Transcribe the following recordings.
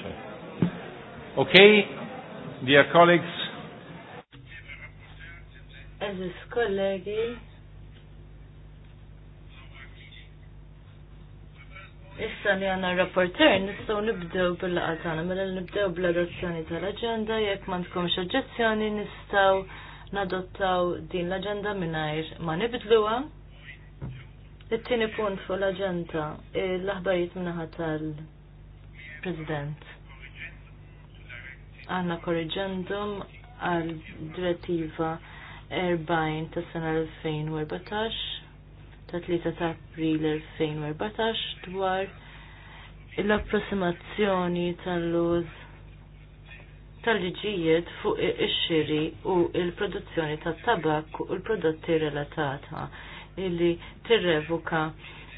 sorry. Okay, dear colleagues. Aziz kollegi. Issa li għanna rapporter nistaw nibdew bil-laqa tagħna mela nibdew bl-adozzjoni tal-aġenda jekk ma tkunx oġġezzjoni nistgħu nadottaw din l agenda mingħajr ma nibdluha. It-tieni punt fuq l-aġenda l-aħbarijiet minnaħa tal- President. Għanna korreġendum għal direttiva 40 ta' sena 2014 ta' 3 ta' april 2014 dwar l-approssimazzjoni tal luz tal-liġijiet fuq ix-xiri u l-produzzjoni tat-tabak u l-prodotti relatata illi tirrevoka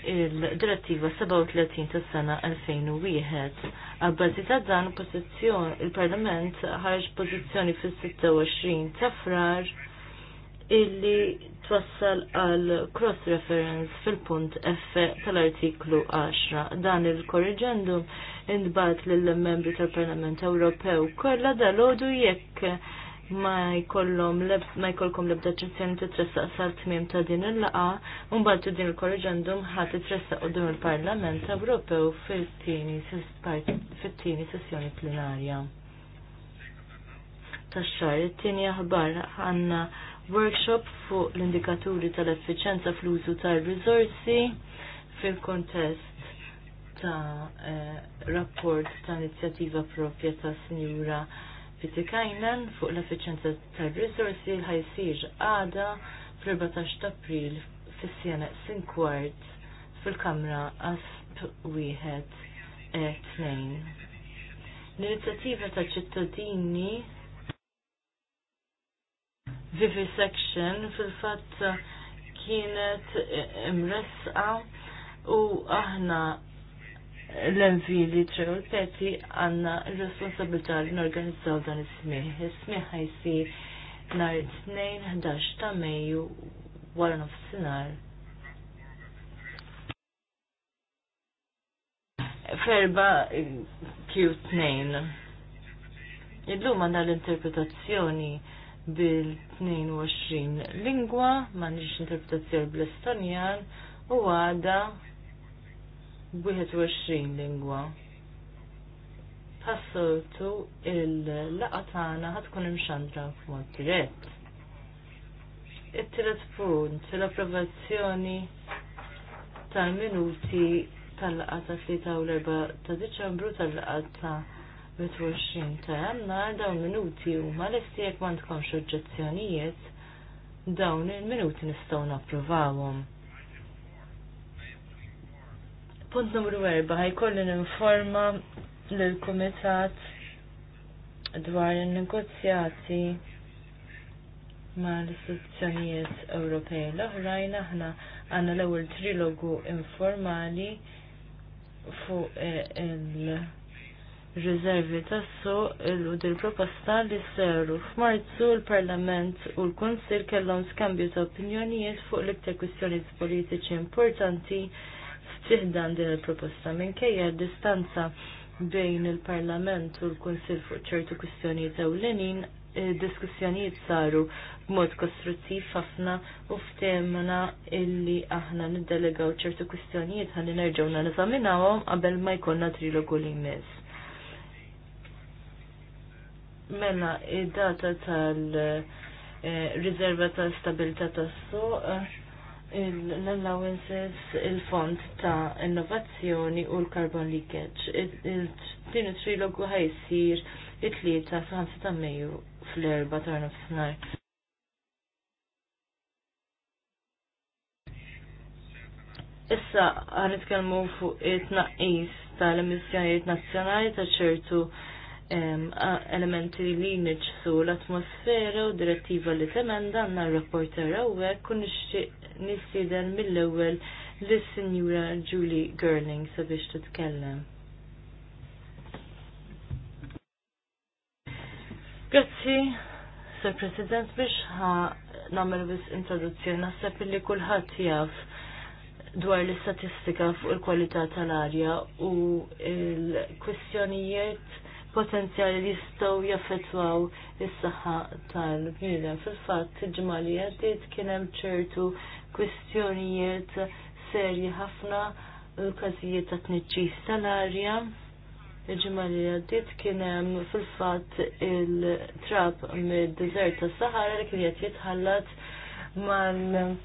il-direttiva 37 tas sena 2001. Għabbażi ta' dan il-Parlament ħarġ pożizzjoni fis-26 ta' frar illi twassal għal cross-reference fil-punt F tal-artiklu 10. Dan il-korriġendum indbat lill-membri tal-Parlament Ewropew kollha dalodu jekk ma jkollhom ma jkollkom lebda ebda ċezzjoni titressaq sal-tmiem ta' din il-laqa, mbagħad din il-korreġendum ħadd titressaq din il-Parlament Ewropew fit-tieni sessjoni plenarja. Tax-xahar it-tieni aħbar għandna workshop fuq l-indikaturi tal-effiċenza fl-użu tal-riżorsi fil-kontest ta' eh, rapport ta' inizjattiva propja ta' Sinjura Pitikajnen fuq l-effiċenza tal resursi l-ħajsir għada fl-14 ta' april fis-sjena Kwart fil-kamra asp wieħed e tnejn. L-inizjattiva ta' ċittadini Vivisection fil-fatt kienet imresqa u aħna l-envili ċew peti għanna responsabilta li norganizzaw dan is-smieħ. Is-smieħ ħajsir nhar 2-11 ta' Mejju wara nofsinhar. Ferba Q2. Illum għandna l-interpretazzjoni bil-22 lingwa, m'għandix interpretazzjoni bl-Estonjan u għada 21 lingwa. Passoltu il-laqa tagħna ħatkun imxandra f'mod dirett. It-tielet punt, l-approvazzjoni tal-minuti tal-laqa ta' 3 u l-4 ta' Diċembru tal-laqa ta' 21 ta' jannar dawn minuti huma lesti jekk m'għandkomx oġġezzjonijiet dawn il-minuti nistgħu napprovawhom. Punt numru 4, ħajkolli ninforma l-Kumitat dwar il-negozjati ma l-istituzzjonijiet Ewropej l-oħrajn aħna għanna l-ewwel trilogu informali fuq eh, il-riservi tassu il proposta li seru f'Marzu l-Parlament u l-Kunsil kellhom skambju ta' opinjonijiet fuq l-iktar kwistjonijiet politiċi importanti fiħdan din il-proposta minkejja distanza bejn il-Parlament u l konsil fuq ċertu kwistjonijiet ewlenin diskussjonijiet saru b'mod kostruttiv ħafna u f'temna illi aħna niddelegaw ċertu kwistjonijiet ħalli nerġgħu nagħżaminawhom qabel ma jkollna trilogu li mis. Mela, id-data tal-riserva eh, tal-stabilità tas-suq l-allowances, il-fond ta' innovazzjoni u l-carbon leakage. Din it-trilogu ħajsir it-tlieta sa' ta' Mejju fl-erba ta' nofsinhar. Issa għan nitkellmu fuq it-tnaqqis tal-emissjonijiet nazzjonali ta' ċertu elementi li nġsu l-atmosfera u direttiva li temenda għanna r-rapporter għek kun nixtieq nissieden mill-ewwel lis-Sinjura Julie Gerling sabiex titkellem. Grazzi, Sir President, biex ha namel bis introduzzjoni, naħseb li kulħadd jaf dwar l-istatistika fuq il-kwalità tal-arja u l-kwistjonijiet potenzjali li jistgħu jaffettwaw is-saħħa tal-bniedem. Fil-fatt il-ġimgħa li għaddiet kien hemm ċertu kwistjonijiet serji ħafna każijiet ta' tniġġis tal-arja. Il-ġimgħa li għaddiet kien hemm fil-fatt il-trab mid-deżert tas-Sahara li kien qed jitħallat mal-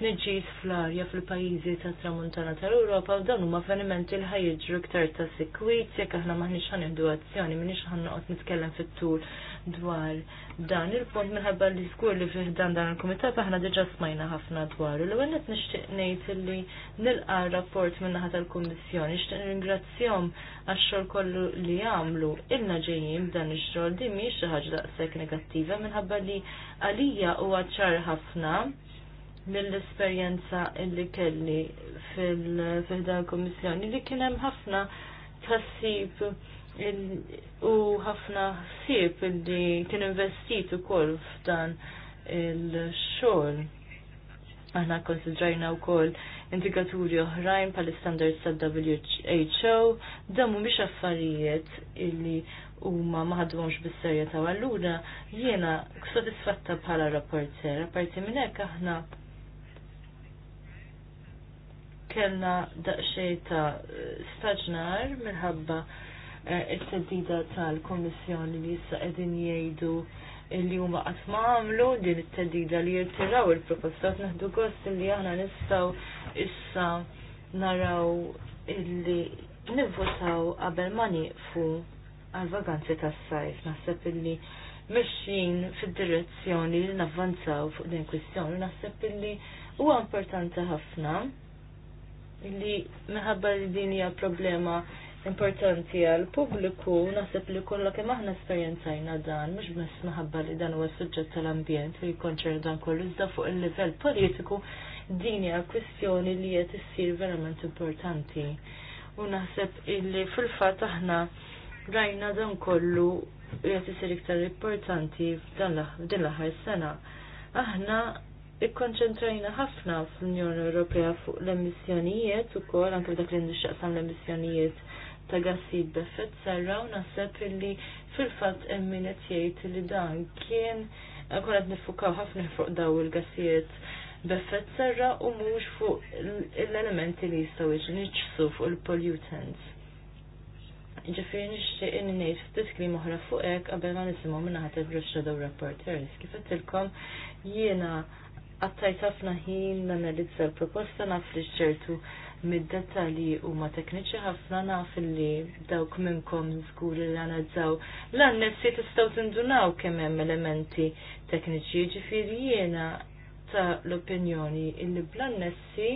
nġis fl-arja fil-pajjiżi ta' tramuntana tal europa u dawn huma avvenimenti li ħajġru iktar ta' sikwit jekk aħna maħniex ħanieħdu azzjoni minix ħanqod nitkellem fit-tul dwar dan il-punt minħabba li żgur li fih dan dan il-kumitat aħna diġà smajna ħafna dwar. l qed nixtieq ngħid illi nilqa' rapport min-naħa tal-Kummissjoni nixtieq ningrazzjahom għax-xogħol kollu li jagħmlu ilna ġejjin b'dan ix-xogħol din mhix xi ħaġa daqshekk negattiva minħabba li għalija huwa ċar ħafna mill-esperjenza illi kelli fil fihda kommissjoni li kien hemm ħafna tħassib u ħafna ħsieb illi kien investit ukoll f'dan il-xogħol. Aħna konsidrajna wkoll indikaturi oħrajn pal standards tal-WHO, dan mhumiex affarijiet illi huma ma ħadhomx bis ta' u allura jiena sodisfatta bħala rapporter, apparti minn hekk aħna kellna daqsxej ta' staġnar minħabba eh, il-teddida tal komissjoni li issa qegħdin jgħidu li huma qatt ma għamlu din it-teddida li jirtiraw il-propostat naħdu gost li aħna nistgħu issa naraw illi nivvotaw qabel ma nieqfu għal-vaganzi tas-sajf naħseb illi mexxin fid-direzzjoni li navvanzaw fuq din kwistjoni naħseb illi huwa importanti ħafna li minħabba li din hija problema importanti għal pubbliku naħseb li kollok kemm aħna esperjenzajna dan mhux biss minħabba li dan huwa suġġett tal-ambjent li jkonċer dan kollu iżda fuq il-livell politiku din hija kwistjoni li qed issir verament importanti. U naħseb illi fil-fatt aħna rajna dan kollu li qed isir iktar importanti f'dan l-aħħar sena. Aħna ikkonċentrajna ħafna fl-Unjoni Ewropea fuq l-emissjonijiet ukoll anke dak li nixtaqsam l-emissjonijiet ta' gassi b'effett serra u naħseb illi fil-fatt hemm min qed jgħid li dan kien kol qed nifukaw ħafna fuq daw il-gassijiet b'effett serra u mhux fuq l-elementi li jistgħu jiġniġsu fuq il-pollutants. Ġifieri nixtieq inni ngħid ftit kliem oħra fuq hekk qabel ma nisimgħu minn ħadd il-Bruxelles Reporters. Kif ilkom jiena għattajt ħafna ħin nanalizza l-proposta naf li xċertu mid-dettali u ma tekniċi ħafna naf li dawk minnkom zgur li għanadżaw l-annessi tistaw tindunaw kemm hemm elementi tekniċi ġifiri jiena ta' l-opinjoni illi bl-annessi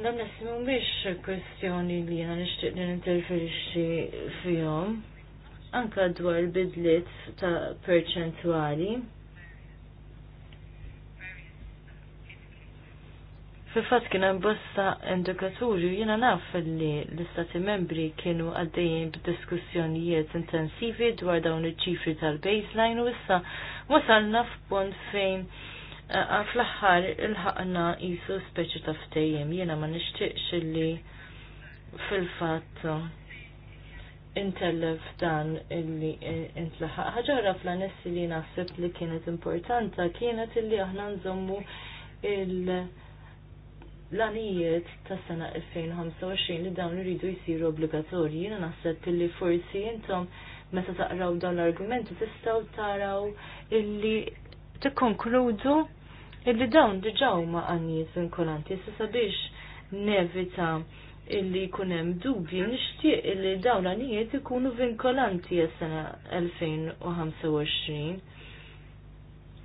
l-annessi mhumiex kwestjoni li jiena nixtieq li ninterferixxi fihom anka dwar il-bidlit ta' perċentwali Fil-fat kien hemm bosta indikaturi jiena naf li l-istati membri kienu għaddejjin b'diskussjonijiet intensivi dwar dawn iċ-ċifri tal-baseline u issa wasalna f'punt fejn eh, ah, fl-aħħar il-ħaqna jisu speċi ta' ftejjem jiena ma nixtieqx li fil-fatt intellef dan illi eh, intlaħaq. ħaġara fl-anessi li naħseb li kienet importanta kienet illi aħna nżommu il- Lanijiet ta' sena 2025 li dawn iridu jisiru obbligatorji. Jiena naħseb li forsi intom meta taqraw dawn l-argumenti tistgħu taraw illi tikkonkludu illi dawn diġà huma għanijiet vinkolanti issa sabiex nevita illi jkun hemm dubji nixtieq illi dawn l ikunu vinkolanti għas-sena 2025.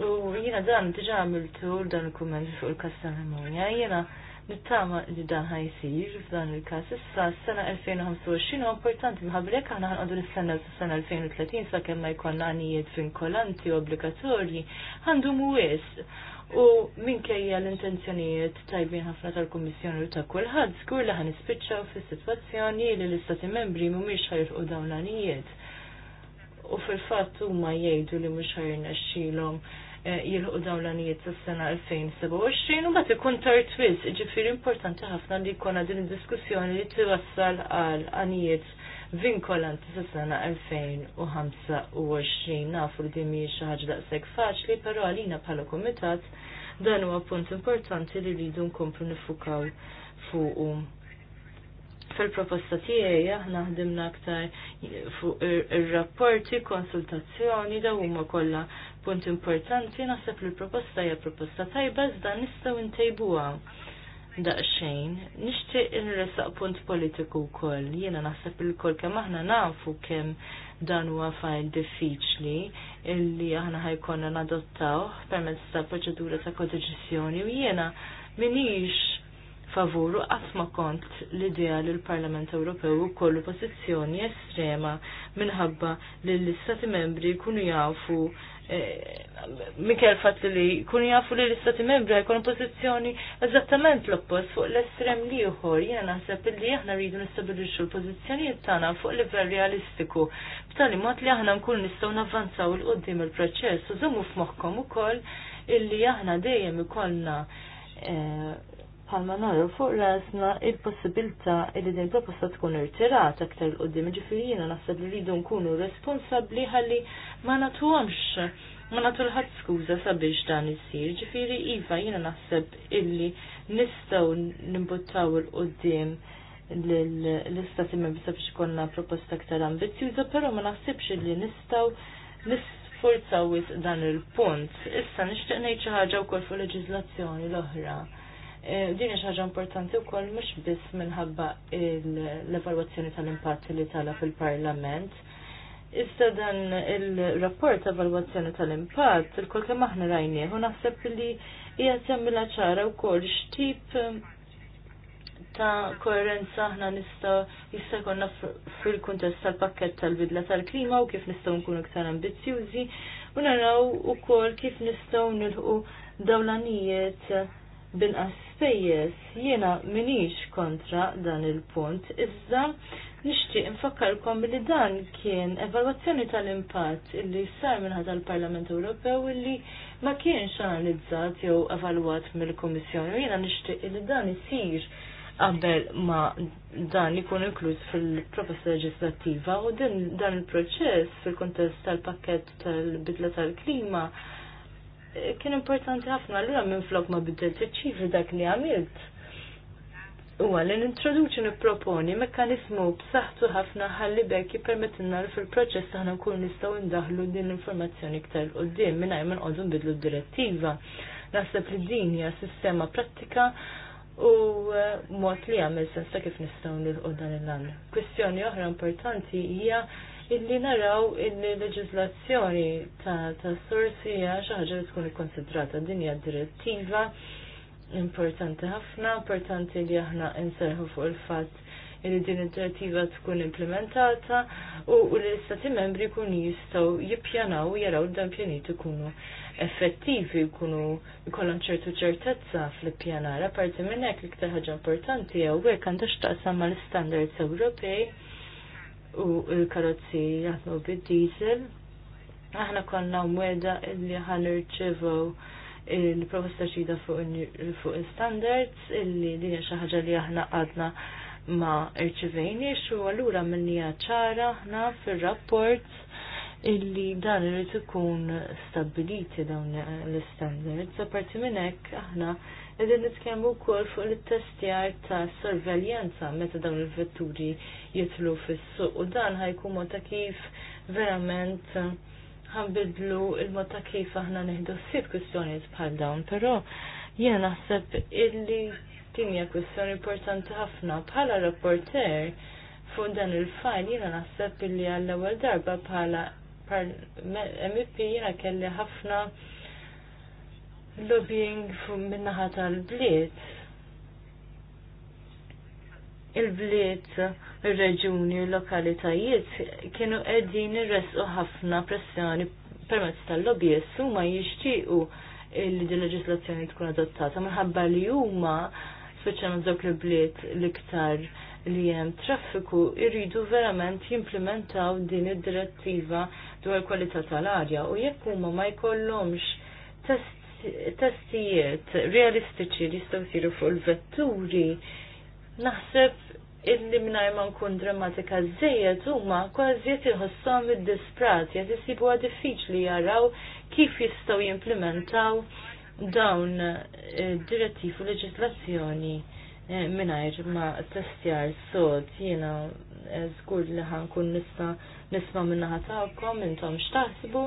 U jiena dan diġà għamiltu dan il-kumment fuq il-kastanemonja, jiena Nittama li dan ħajsir f'dan il-kas issa s-sena 2025 u importanti bħabrek għana għandu nistennew s-sena 2030 sa' kemma jkollna għanijiet vinkolanti u obbligatorji għandu mwis. U minkejja l-intenzjonijiet tajbin ħafna tal komissjoni u ta' kulħadd skur li ħan ispiċċaw fis-sitwazzjoni li l-Istati membri mhumiex ħajrqu dawn l-għanijiet. U fil-fatt huma jgħidu li mhux ħajrnexxilhom Eh, jilħu dawlanijiet s-sena 2027 u bat ikun tart wis, ġifiri importanti ħafna li jkun din id-diskussjoni li t-wassal għal għanijiet vinkolanti s-sena 2025 nafu li dimi xaħġ daqseg faċli, pero għalina bħala komitat dan huwa punt importanti li rridu nkomplu nifukaw fuq fil-proposta tiegħi aħna ħdimna aktar fuq ir-rapporti, konsultazzjoni da huma kollha punt importanti naħseb li l-proposta hija proposta tajba iżda nistgħu ntejbuha daqsxejn. Nixtieq inresaq punt politiku wkoll. Jiena naħseb li l-kol kemm aħna nafu kemm dan huwa fajl diffiċli illi aħna ħajkonna nadottaw permezz ta' proċedura ta' kodeġizjoni u jiena minix favur u qasma kont l-idea li l-Parlament Ewropew kollu pożizzjoni estrema minħabba li l-Istati membri jkunu jafu eh, Mikel fatt li kunu jafu li l-istati membri għajkon pozizjoni eżattament l-oppost fuq l-estrem uħor jena naħseb li aħna rridu nistabilixu l-pozizjonijiet tagħna fuq livell realistiku, b'tali mod li aħna nkun nistgħu navvanzaw il qoddim il-proċess u żommu f'moħħkom ukoll illi aħna dejjem ikollna eh, palma narru fuq rasna il-possibilta li din proposta tkun irtirata aktar l-qoddim ġifiri jena naħseb li rridu nkunu responsabli ħalli ma natuħomx ma natu l-ħad skuza sabiex dan jisir ġifiri iva jena naħseb illi nistaw nimbuttaw l-qoddim l-istati membri sabiex konna proposta aktar ambizjuza pero ma naħsibx illi nistaw nisforzaw dan il-punt. Issa nixtieq ngħid xi ħaġa wkoll fuq leġiżlazzjoni l-oħra Eh, din hija ħaġa importanti wkoll mhux biss minħabba l-evalwazzjoni tal-impatt li tala fil-Parlament. Issa dan il-rapport evalwazzjoni tal-impatt, il-kol kemm aħna rajnieh u naħseb li hija tagħmilha ċara wkoll x'tip ta' koerenza aħna nista' jista' jkollna fil-kuntest tal-pakkett tal-bidla tal-klima u kif nistgħu nkunu iktar ambizzjużi u naraw ukoll kif nistgħu nilħu dawlanijiet binqas spejjeż jiena minix kontra dan il-punt, iżda nixtieq nfakkarkom li dan kien evalwazzjoni tal-impatt illi sar minn l-Parlament Ewropew illi ma kienx analizzat jew evalwat mill-Kummissjoni u jiena nixtieq li dan isir qabel ma dan ikun inkluż fil-proposta leġislattiva u din dan il-proċess fil-kontest tal-pakket kuntest tal pakket tal bidla tal klima tal tal bidla tal klima kien importanti ħafna l-għura minn flok ma bidelt iċ-ċifri dak li għamilt. Huwa li nintroduċi nipproponi mekkanizmu b'saħħtu ħafna ħalli bekk jipermetinna li fil-proċess aħna nkunu nistgħu ndaħlu din l-informazzjoni iktar qudiem mingħajr ma nqogħdu nbidlu d-direttiva. Naħseb li din hija sistema prattika u eh, mod li għamil sens ta' kif nistgħu nilqu dan il-għan. Kwestjoni oħra importanti hija illi naraw illi leġizlazzjoni ta' sorsi għax ħaġa li tkun ikkonsidrata dinja direttiva importanti ħafna, importanti li aħna inserħu fuq il-fatt li din id-direttiva tkun implementata u li l-istati membri kun jistaw jippjanaw jaraw dan pjanit ikunu effettivi jkunu jkollhom ċertu ċertezza fl-ippjanar. Apparti minn hekk l-iktar ħaġa importanti hawnhekk għandha x'taqsam mal-standards Ewropej u l-karozzi jaħdmu bid-diesel. Aħna konna mweda illi ħanirċevu il professor ċida fuq il-standards illi din xi ħaġa li aħna għadna ma irċivejni u allura minnija ċara aħna fir-rapport illi dan irid ikun stabiliti dawn l-standards. Apparti minn hekk aħna Edin nitkellmu wkoll fuq it-testjar ta' sorveljanza meta dawn il-vetturi jitlu fis-suq u dan ħajku mota kif verament ħanbidlu il mota kif aħna neħdu ssib kwistjonijiet bħal dawn, però jiena naħseb illi din hija importanti ħafna bħala rapporter fuq dan il-fajl jiena naħseb illi għall-ewwel darba bħala MP jiena kelli ħafna lobbying minnaħa tal-bliet. Il-bliet, il-reġuni, il-lokalitajiet kienu edin irresqu ħafna pressjoni permezz tal lobby huma jixtiequ li din leġislazzjoni tkun adottata minħabba li huma speċjalment dawk il-bliet l-iktar li hemm traffiku irridu verament jimplementaw din id-direttiva dwar kwalità tal-arja u jekk huma ma jkollhomx test testijiet realistiċi li jistgħu jsiru fuq il-vetturi, naħseb illi minnaj ma nkun drammatika żejjed huma kważi qed inħossom id-disprat qed isibuha diffiċli jaraw kif jistgħu jimplementaw dawn direttivi u leġislazzjoni Eh, minajr ma testjar sod jena eh, zgur li ħankun nista nisma minna ħatawkom intom xtaħsbu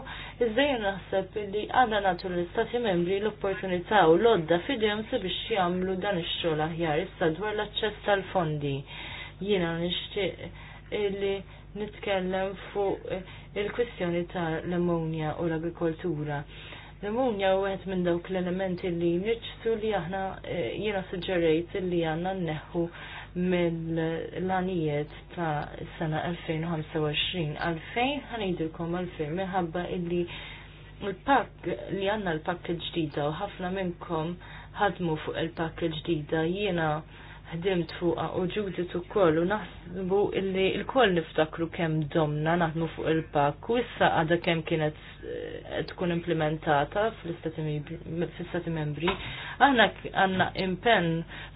iżdej naħseb li għada natur l-istati membri l-opportunità u l-odda fidjem sabiex jamlu dan ix-xogħol aħjar issa dwar l-aċċess tal-fondi jiena nixtieq li nitkellem fuq il-kwistjoni tal-ammonja u l-agrikoltura. L-immunja u għed minn dawk l-elementi li nirċtu li aħna eh, jena suġġerejt li għanna neħu l-għanijiet ta' sena 2025. Għalfejn ħanidilkom għalfejn minħabba illi il-pak li għanna l-pak il-ġdida u ħafna minnkom ħadmu fuq il-pak il-ġdida jiena ħdimt fuqa u ġudit u koll u naħsbu illi il-koll niftakru kem domna naħdmu fuq il-pak u issa għada kem kienet eh, tkun implementata fl-istati membri. Aħna għanna impen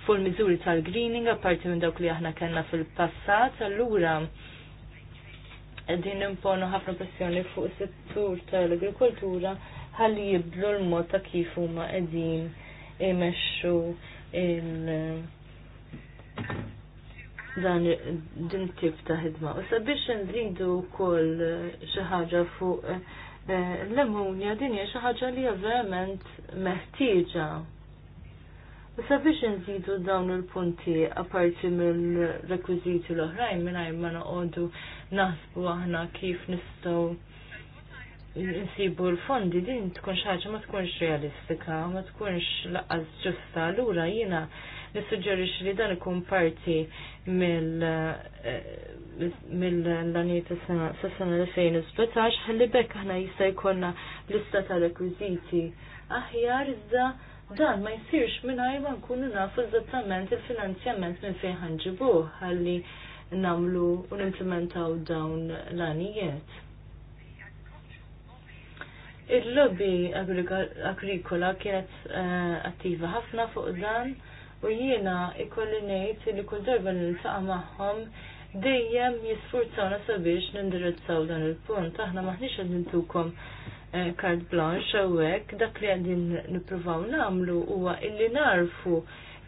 fuq il-mizuri tal-greening apparti minn dawk li aħna kellna fil-passat, allura din imponu ħafna pressjoni fuq is-settur tal-agrikoltura ħalli jibdlu l-mod ta' kif huma qegħdin imexxu il- dan din tip ta' ħidma. U sabiex nżidu kol eh, xi ħaġa fuq eh, l-ammonja din hija xi ħaġa li hija verament meħtieġa. U sabiex nżidu dawn il-punti apparti mill-rekwiżiti l-oħrajn mingħajr ma noqogħdu naħsbu aħna kif nistgħu nsibu l-fondi din tkun ħaġa ma tkunx realistika, ma tkunx laqqas ġusta. Lura jiena nissuġġerix li dan ikun parti mill-lanijiet s sena 2017 ħalli bekk aħna jista' jkollna lista ta' rekwiżiti aħjar iżda dan ma jsirx mingħajr ma nkunu nafu eżattament il-finanzjament minn fejn ħanġibuh ħalli namlu u implementaw dawn l-għanijiet. Il-lobby agrikola kienet eh, attiva ħafna fuq dan u jiena ikolli ngħid li kull darba niltaqa' magħhom dejjem jisfurzawna sabiex nindirizzaw dan il-punt. Aħna maħniex qed nintukom kart eh, blanche għawek dak li għadin nippruvaw nagħmlu huwa illi narfu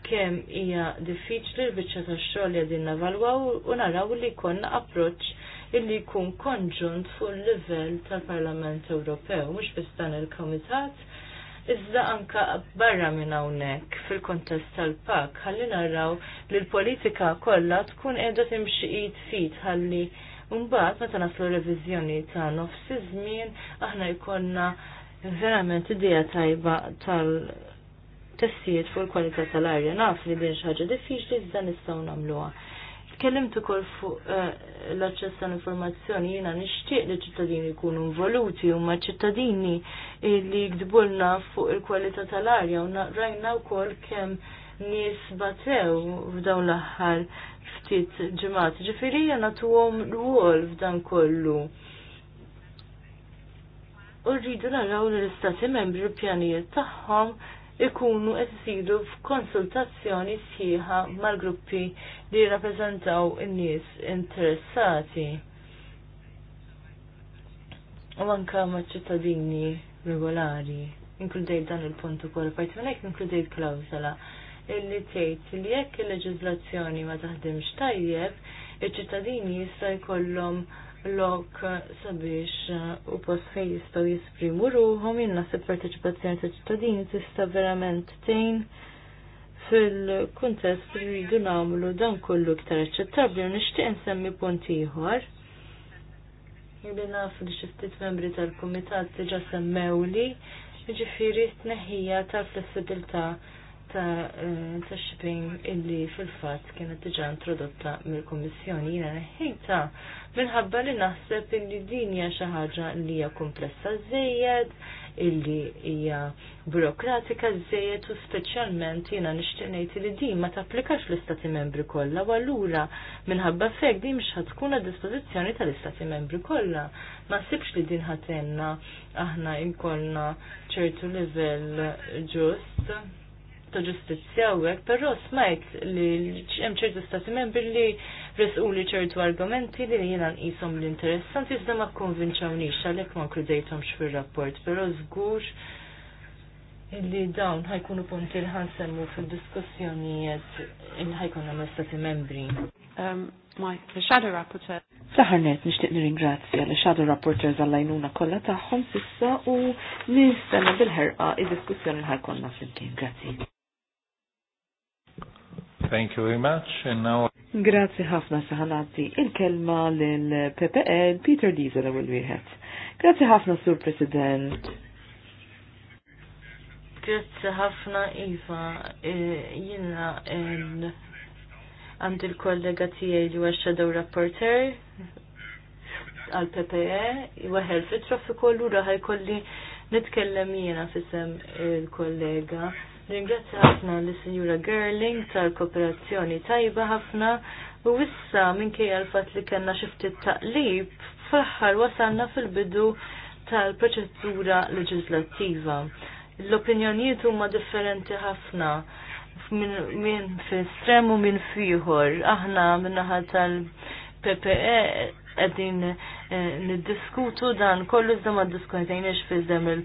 kemm hija diffiċli l-biċċa tax-xogħol li għadin navalwaw u naraw li jkollna approċċ illi jkun konġunt fuq il-livell tal-Parlament Ewropew, mhux biss dan il-Komitat, Iżda anka barra minn hawnhekk fil-kontest tal-pak ħalli narraw li l-politika kollha tkun qiegħda timxi id fit ħalli mbagħad meta naslu reviżjoni ta' nofs żmien aħna jkollna verament idea tajba tal testijiet fuq il-kwalità tal-arja naf li din xi ħaġa diffiċli iżda nistgħu nagħmluha. Tkellimt ukoll fuq eh, l-aċċess ta' informazzjoni jiena nixtieq li ċittadini jkunu involuti huma ċittadini li jgdbulna fuq il-kwalità tal-arja u naqrajna wkoll kemm nies batew f'dawn l-aħħar ftit ġimgħat. Ġifieri jiena tuhom rwol f'dan kollu. U rridu naraw l-istati membri l-pjanijiet tagħhom ikunu qed isiru f'konsultazzjoni sħiħa mal-gruppi li jirrappreżentaw in-nies interessati. U anka maċ-ċittadini regolari. Inkludejt dan il-punt ukoll apart minn inkludejt klawsola illi tgħid li jekk il-leġiżlazzjoni ma taħdimx tajjeb, iċ-ċittadini jista' jkollhom lok sabiex uh, u post fej jistaw jisprimu ruħom jinn nasib parteċipazzjoni ta' ċittadini tista' verament tejn fil-kuntest li rridu namlu dan kollu iktar aċċettabbli u nixtieq insemmi punt ieħor. Jibli nafu li xi ftit membri tal-kumitat diġà semmewli, jiġifieri tneħħija tal-flessibilità ta' eh, ta' shipping illi fil-fatt kienet diġa introdotta mill-Kummissjoni jiena neħħejta minħabba li naħseb illi din hija xi ħaġa li hija komplessa żejjed, illi hija burokratika żejjed u speċjalment jiena nixtieq ngħid li din ma tapplikax l-Istati Membri kollha u allura minħabba fek din mhux ħad tkun dispożizzjoni tal-Istati Membri kollha. Ma sibx li din ħatenna aħna inkolna ċertu livell ġust ta' ġustizzja għek, però smajt li hemm ċertu stati membri li resquli ċertu argumenti li jiena nqishom l-interessanti iżda ma kkonvinċawnix għalhekk ma kredajtom fir-rapport, però żgur li dawn ħajkunu punti li ħansemmu fil-diskussjonijiet li ħajkunu ma' stati membri. Um, Saħarnet Fl-ħarnet nishtiq nir-ingrazzja li Shadow Rapporteurs għallajnuna kolla taħħom sissa u nistana bil-ħerqa id-diskussjoni l-ħajkonna fl-imkien. Grazzi. Thank you very much. And now... Grazie ħafna saħanati Il-kelma l-PPE Peter Diesel għu l-wieħed. Grazie ħafna, Sur President. Grazie ħafna, Iva. E, jina għand il-kollega tijaj li għaxa daw rapporter għal-PPE, għahel fit-traffiku l-ura ħajkolli nitkellem jena fissem il-kollega. il kollega Ringrazzja ħafna l sinjura Gerling tal-kooperazzjoni tajba ħafna u wissa minkejja l-fatt li kellna xi ftit taqlib fl-aħħar wasalna fil-bidu tal-proċedura leġislattiva. L-opinjonijiet huma differenti ħafna minn fi estrem u minn fiħor. Aħna min-naħa tal-PPE għedin eh, niddiskutu dan kollu zda ma diskutajniex dem il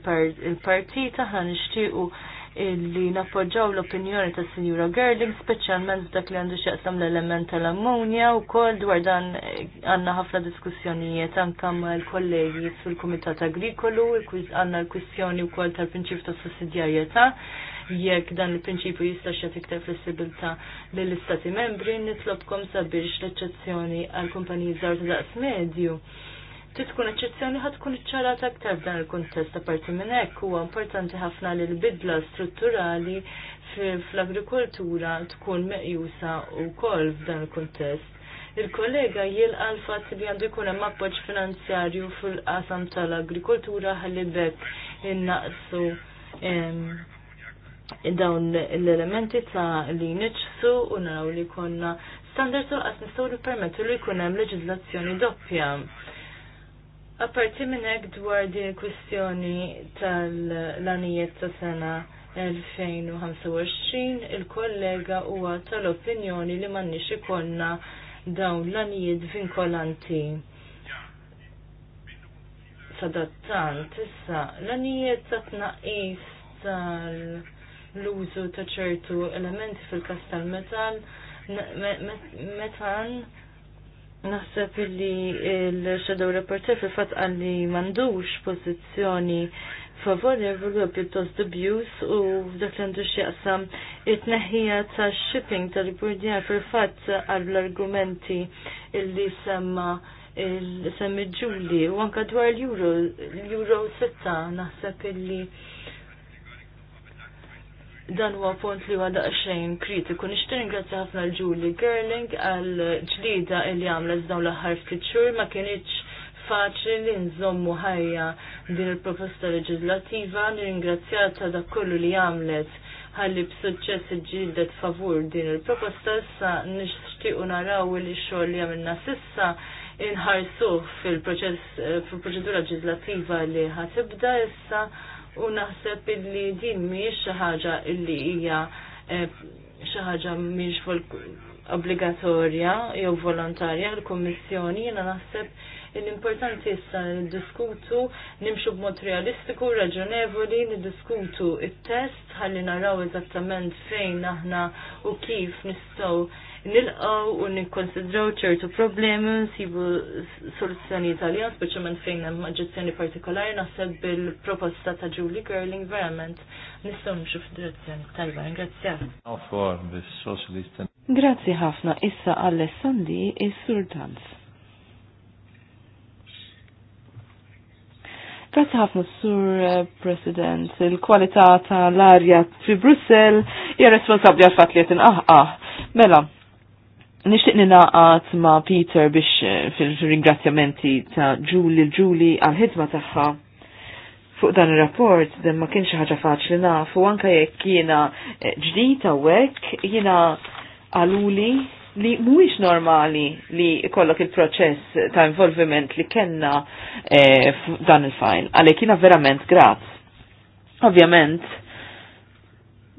il-partita ħan nixtiequ illi nappoġġaw l-opinjoni ta' Sinjura Gerling, speċjalment dak li għandu x'jaqsam l-element tal-ammonja u koll dwar dan għandna ħafna diskussjonijiet anke mal-kollegi sul kumitat Agrikolu, għandna l-kwistjoni wkoll tal-prinċip ta' sussidjarjetà jekk dan il-prinċipju jista' xed iktar flessibilità lill-Istati membri nitlobkom sabiex l-eċċezzjoni għal kumpaniji żgħar ta' daqs medju titkun eċċezzjoni ħad tkun iċċarata aktar f'dan il-kuntest apparti minn hekk huwa importanti ħafna li l-bidla strutturali fl-agrikoltura tkun meqjusa wkoll f'dan il-kuntest. Il-kollega jilqa l-fatt li għandu jkun hemm appoġġ finanzjarju fil-qasam tal-agrikoltura ħalli bekk innaqsu dawn l-elementi ta' li niċsu u naraw li konna standard tal qas nistgħu nippermettu li jkun hemm leġiżlazzjoni doppja. Apparti minn hekk dwar di kwistjoni tal-lanijiet ta' sena 2025, il-kollega huwa tal-opinjoni li m'għandniex ikollna dawn l vinkolanti. Sadattant, issa, l ta' tnaqis tal-użu ta' ċertu elementi fil kastal metan, metan, Naħseb illi l shadow Reporter fil fatt għalli mandux pozizjoni favorevoli u pjuttost dubjus u dak li għandux jaqsam it-neħija ta' shipping tal-Burdjan fil fatt għal l-argumenti li semma semmi ġuli u anka dwar l-Euro, l-Euro 6 naħseb illi dan huwa punt li huwa daqsxejn kritiku. Nixtieq ringrazzja ħafna l Julie Gerling għal ġlida li għamlet dawn l-aħħar ftit xhur ma kienitx faċli li nżommu ħajja din il-proposta leġislativa, nirringrazzja ta' dak kollu li għamlet ħalli b'suċċess iġġieldet favur din il-proposta issa nixtiequ naraw li xogħol li għamilna sissa inħarsu fil-proċess fil-proċedura leġislativa li ħatibda issa u naħseb illi din mhijiex xi ħaġa illi hija eh, xi ħaġa mhix obbligatorja jew volontarja l-Kummissjoni jiena naħseb l-importanti issa niddiskutu nimxu b'mod realistiku, raġonevoli, niddiskutu t test ħalli naraw eżattament fejn aħna u kif nistgħu nilqaw u nikkonsidraw ċertu problemi, nsibu soluzzjoni italjan, speċjalment fejn hemm aġġezzjoni partikolari, naħseb bil-proposta ta' Julie Girling, verament nistgħu nimxu f'direzzjoni tajba. Ingrazzjak. Grazzi ħafna issa Alessandi is-Surtanz. Grazzi ħafna sur eh, President, il-kwalità tal-arja fi Brussel hija responsabbli għal fatt li qed inqaħqaħ. Mela, Nishtiq ninaqat ma' Peter biex eh, fil-ringrazzjamenti ta' Julie Julie għal-ħidma tagħha fuq dan il-rapport dan ma kienx ħaġa faċli nafu anka jekk jiena eh, ġdid hekk, jiena għaluli li mhuwiex normali li kollok il-proċess ta' involviment li kellna eh, dan il-fajl. Għalhekk jiena verament grazz. Ovvjament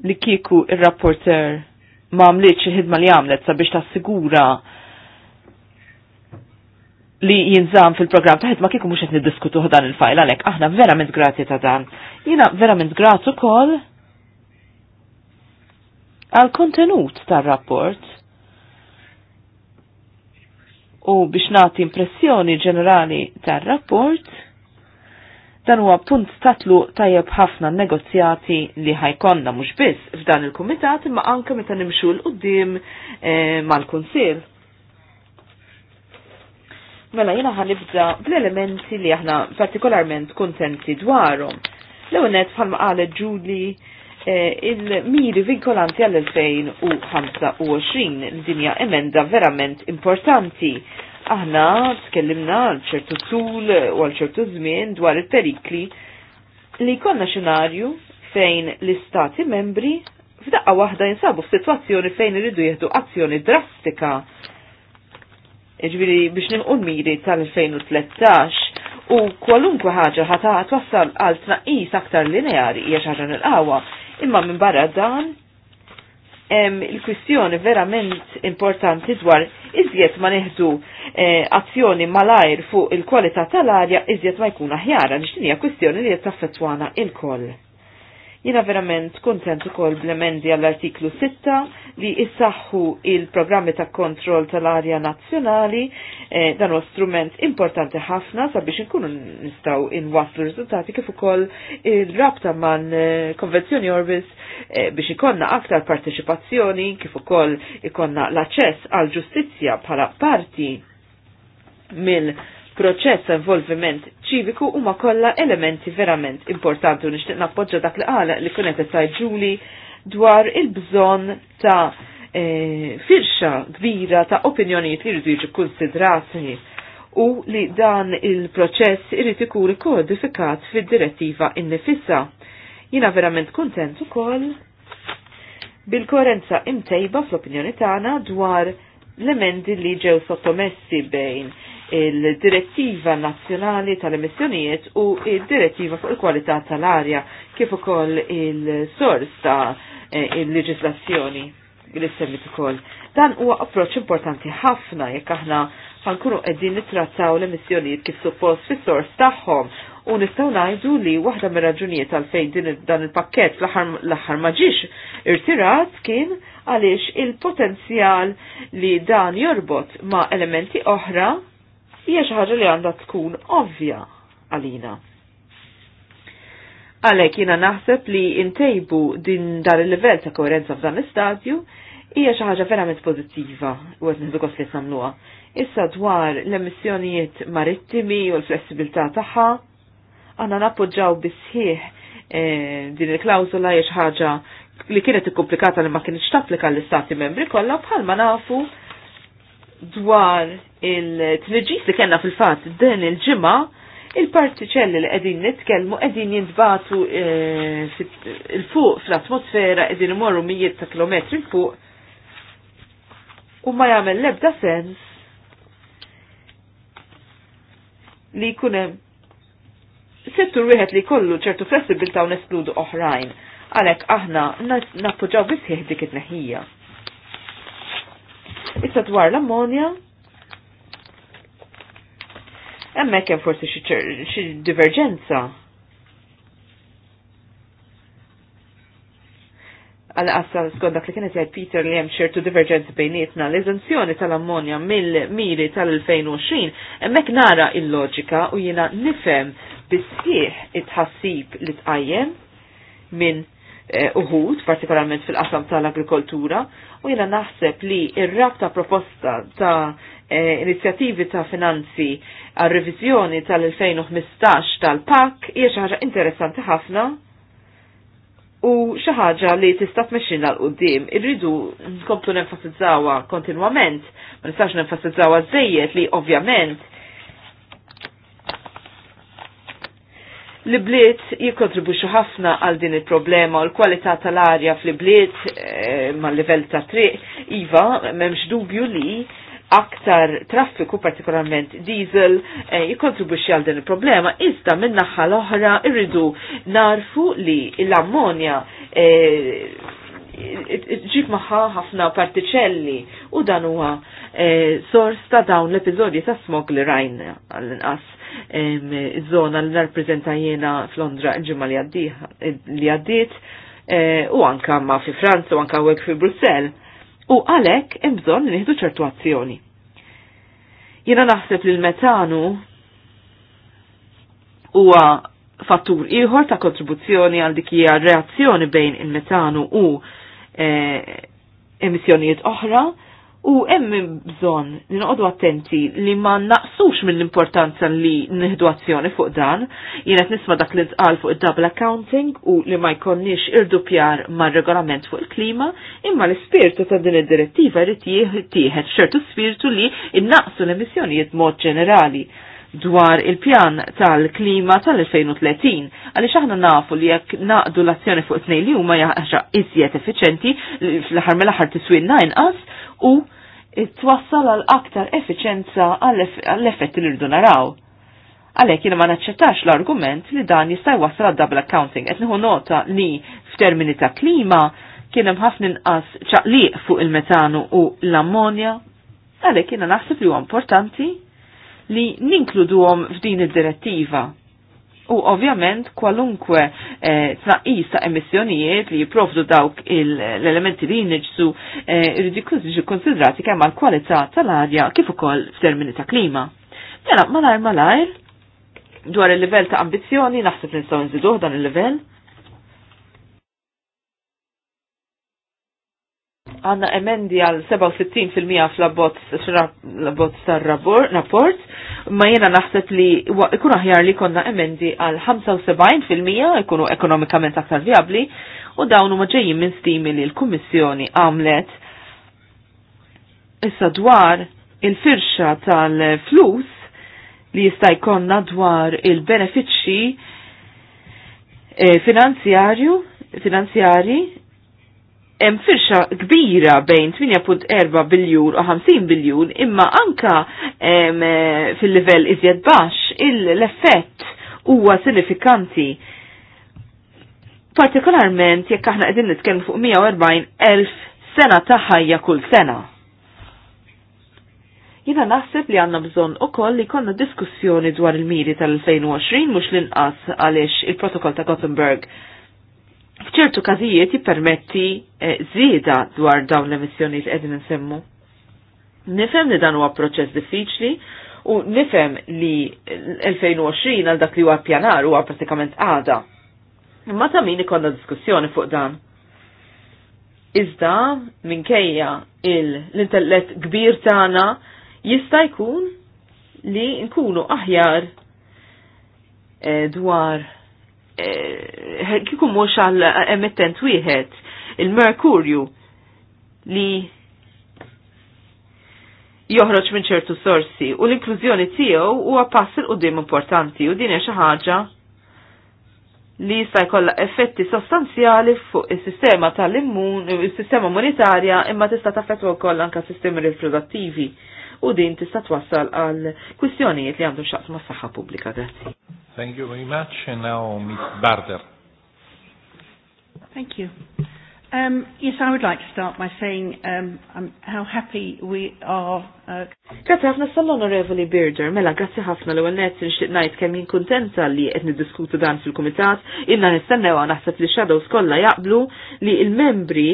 li kieku ir-rapporter ma għamliet xieħidma ħidma li għamlet sabiex tassigura li jinżam fil-program ta' ħidma kikum muxet qed niddiskutu dan il-fajl għalhekk aħna verament grazzi ta' dan. Jiena verament grazzi ukoll għal kontenut tar-rapport u biex nagħti impressjoni ġenerali tar-rapport Dan huwa punt tatlu tajjeb ħafna negozjati li ħajkonna mhux biss f'dan il-kumitat imma anke meta nimxu l qudiem eh, mal-kunsil. Mela jiena ħanibda bl-elementi li aħna partikolarment kuntenti dwarhom. L-ewnet bħalma qalet Julie E, il-miri vinkolanti għall-2025 l-dinja emenda verament importanti Aħna tkellimna għal ċertu tul u għal ċertu żmien dwar il-perikli li konna xenarju fejn l-istati membri f'daqqa waħda jinsabu f'sitwazzjoni fejn iridu jieħdu azzjoni drastika Iġbiri biex nimqu miri tal-2013 u kwalunkwe ħaġa ħata twassal għal tnaqqis aktar lineari hija xi ħaġa nilqawha imma minn barra dan il-kwistjoni verament importanti dwar iżjed ma neħdu eh, azzjoni malajr fuq il-kwalità tal-arja iżjed ma jkun aħjar, għax din hija kwistjoni li qed taffettwana il-koll. Jina verament kontent ukoll blemendi għall-artiklu 6 li jissaħħu il-programmi ta' kontrol tal-arja nazzjonali, eh, dan huwa strument importanti ħafna sabiex inkunu nistgħu inwaslu riżultati kif ukoll il rabta man eh, konvenzjoni Orbis eh, biex ikonna aktar partecipazzjoni kif ukoll ikonna l-aċċess għal ġustizzja bħala parti mill- proċess ta' involviment ċiviku huma kollha elementi verament importanti u nixtieq nappoġġa dak li qala li kunet qed Ġuli dwar il-bżonn ta' e, firxa kbira ta' opinjonijiet li jridu jiġu konsidrati u li dan il-proċess irid ikun kodifikat fid-direttiva innifissa. Jina verament kontent ukoll bil korenza imtejba fl-opinjoni tagħna dwar l-emendi li ġew sottomessi bejn il-direttiva nazzjonali tal-emissjonijiet u il-direttiva fuq il-kwalità tal-arja kif ukoll il-sors ta' eh, il-leġislazzjoni li semmit ukoll. Dan huwa approċċ importanti ħafna jekk aħna ħankunu qegħdin nittrattaw l-emissjonijiet kif suppost fis-sors tagħhom u nistgħu ngħidu li waħda mir-raġunijiet għalfejn din dan il-pakkett l-aħħar ma ġiex irtirat kien għaliex il-potenzjal li dan jorbot ma' elementi oħra hija xi ħaġa li għandha tkun ovvja għalina. Għalhekk jiena naħseb li ntejbu din dar il-livell ta' koerenza f'dan l-istadju hija xi ħaġa verament pożittiva u qed nieħdu kost li nagħmluha. Issa dwar l-emissjonijiet marittimi u l-flessibilità tagħha, għandna nappoġġaw bisħieħ eh, din il hija xi ħaġa li kienet ikkomplikata li ma kienx tapplika l-istati membri kollha bħalma nafu dwar il-tniġis li kena fil-fat din il-ġimma, il-partiċelli li qegħdin nitkellmu qegħdin jindbatu eh, il-fuq fl-atmosfera qegħdin imorru mijiet ta' kilometri fuq u ma jagħmel l-ebda sens li jkun hemm settur wieħed li kollu ċertu flessibilta u neskludu oħrajn għalhekk aħna nappoġġaw bisħiħ dik it-neħija. Issa dwar l-ammonja, Emma hemm forsi xi diverġenza. Għalla għassa skont li kienet jgħid Peter li hemm ċertu diverġenzi bejnietna l-eżenzjoni tal-ammonja mill-miri tal-2020, hemmhekk nara il-loġika u jiena nifhem bisħieħ it-ħassib li tqajjem minn eh, uħud, partikolarment fil-qasam tal-agrikoltura, u jena naħseb li ir-rabta proposta ta' eh, inizjativi ta' finanzi għal revizjoni tal-2015 tal-PAK hija xi ħaġa interessanti ħafna u xi ħaġa li tista' tmexxina l qudiem irridu nkomplu nenfasizzawha kontinwament, ma nistax nenfasizzawha żejjed li ovvjament li bliet jikontribuxu ħafna għal din il-problema u l-kwalità tal-arja fl-bliet eh, ma' livell ta' triq, iva, memx dubju li aktar traffiku, partikolarment diesel, eh, jikontribuxi għal din il-problema, iżda minnaħħa l-oħra irridu narfu li l-ammonja eh, ġib maħħa ħafna partiċelli u dan huwa eh, sors ta' dawn l-episodji ta' smog li rajna għall-inqas iż-żona li narpreżenta jiena f'Londra l-ġimgħa li għaddiet eh, u anka ma fi Franza u anka hekk fi Brussell. U għalhekk hemm bżonn li nieħdu ċertu azzjoni. Jiena naħseb li l-metanu huwa fattur ieħor ta' kontribuzzjoni għal dik hija reazzjoni bejn il-metanu u E, emissjonijiet oħra u hemm bżonn li noqogħdu attenti li ma naqsux mill-importanza li nieħdu azzjoni fuq dan, jien qed nisma' dak li tqal fuq id-double accounting u li ma jkollniex irdupjar mar-regolament fuq il-klima, imma l-ispirtu ta' din id-direttiva jrid tieħed ċertu spirtu li innaqsu l-emissjonijiet mod ġenerali dwar il-pjan tal-klima tal-2030, għaliex aħna nafu li jekk naqdu l-azzjoni fuq it-tnejn li huma jaħxa iżjed effiċenti fl-aħħar mill-aħħar tiswin inqas u twassal għal aktar effiċenza għall-effetti li rridu naraw. Għalhekk jiena ma naċċettax l-argument li dan jista' jwassal għal double accounting qed nieħu nota li f'termini ta' klima kien hemm ħafna inqas ċaqliq fuq il-metanu u l-ammonja, għalhekk jiena naħseb li huwa importanti li ninkluduhom f'din id-direttiva. U ovvjament kwalunkwe eh, tnaqqis ta' emissjonijiet li jiprofdu dawk l-elementi li jinniġsu eh, irridu eh, konsidrati kemm għal kwalità tal-arja kif ukoll f'termini ta' klima. Mela, malajr malajr, dwar il-livell ta' ambizjoni, naħseb li nistgħu nżiduh dan il-livell, għanna emendi għal 67% fl-abbozz tar-rapport, ma jena naħseb li ikun aħjar li konna emendi għal 75% ikunu ekonomikament aktar viabli u dawn huma ġejjin minn stimi li l-Kummissjoni għamlet issa dwar il-firxa tal-flus li jista' jkollna dwar il-benefiċċji eh, finanzjarju finanzjari hemm firxa kbira bejn 8.4 biljun u 50 biljun imma anka eh, fil-livell iżjed baxx l-effett huwa sinifikanti. Partikolarment jekk aħna qegħdin nitkellmu fuq 140 sena ta' ħajja kull sena. Jina naħseb li għanna bżon u koll li konna diskussjoni dwar il-miri tal-2020 mux l-inqas għalix il-protokoll ta' Gothenburg f'ċertu każijiet jippermetti eh, żieda dwar dawn l-emissjonijiet qegħdin insemmu. Nifhem li dan huwa proċess diffiċli u nifhem li 2020 għal dak li huwa pjanar huwa pratikament għada. Imma ta' min ikonna diskussjoni fuq dan. Iżda minkejja l-intellett kbir tagħna jista' jkun li nkunu aħjar eh, dwar Eh, kiku mux għal emittent wieħed, il-merkurju li joħroġ minn ċertu sorsi u l-inklużjoni tiegħu huwa pass il qudiem importanti u din hija xi ħaġa li jista' jkollha effetti sostanzjali fuq is-sistema tal-immun, is-sistema monetarja imma tista' taffettwa wkoll anke sistemi riproduttivi u din tista' twassal għal kwistjonijiet li għandhom xaqs mas-saħħa pubblika. Grazzi. Thank you very much. And now Ms. Barter. Thank you. Um, yes, I would like to start by saying um, um, how happy we are. Uh, grazie ħafna sall-onorevoli Birder, mela grazie ħafna l-ewwel nett nixtieq ngħid kemm jien kuntenta li qed niddiskutu dan fil-kumitat, inna nistennew naħseb li shadows kollha jaqblu li il-membri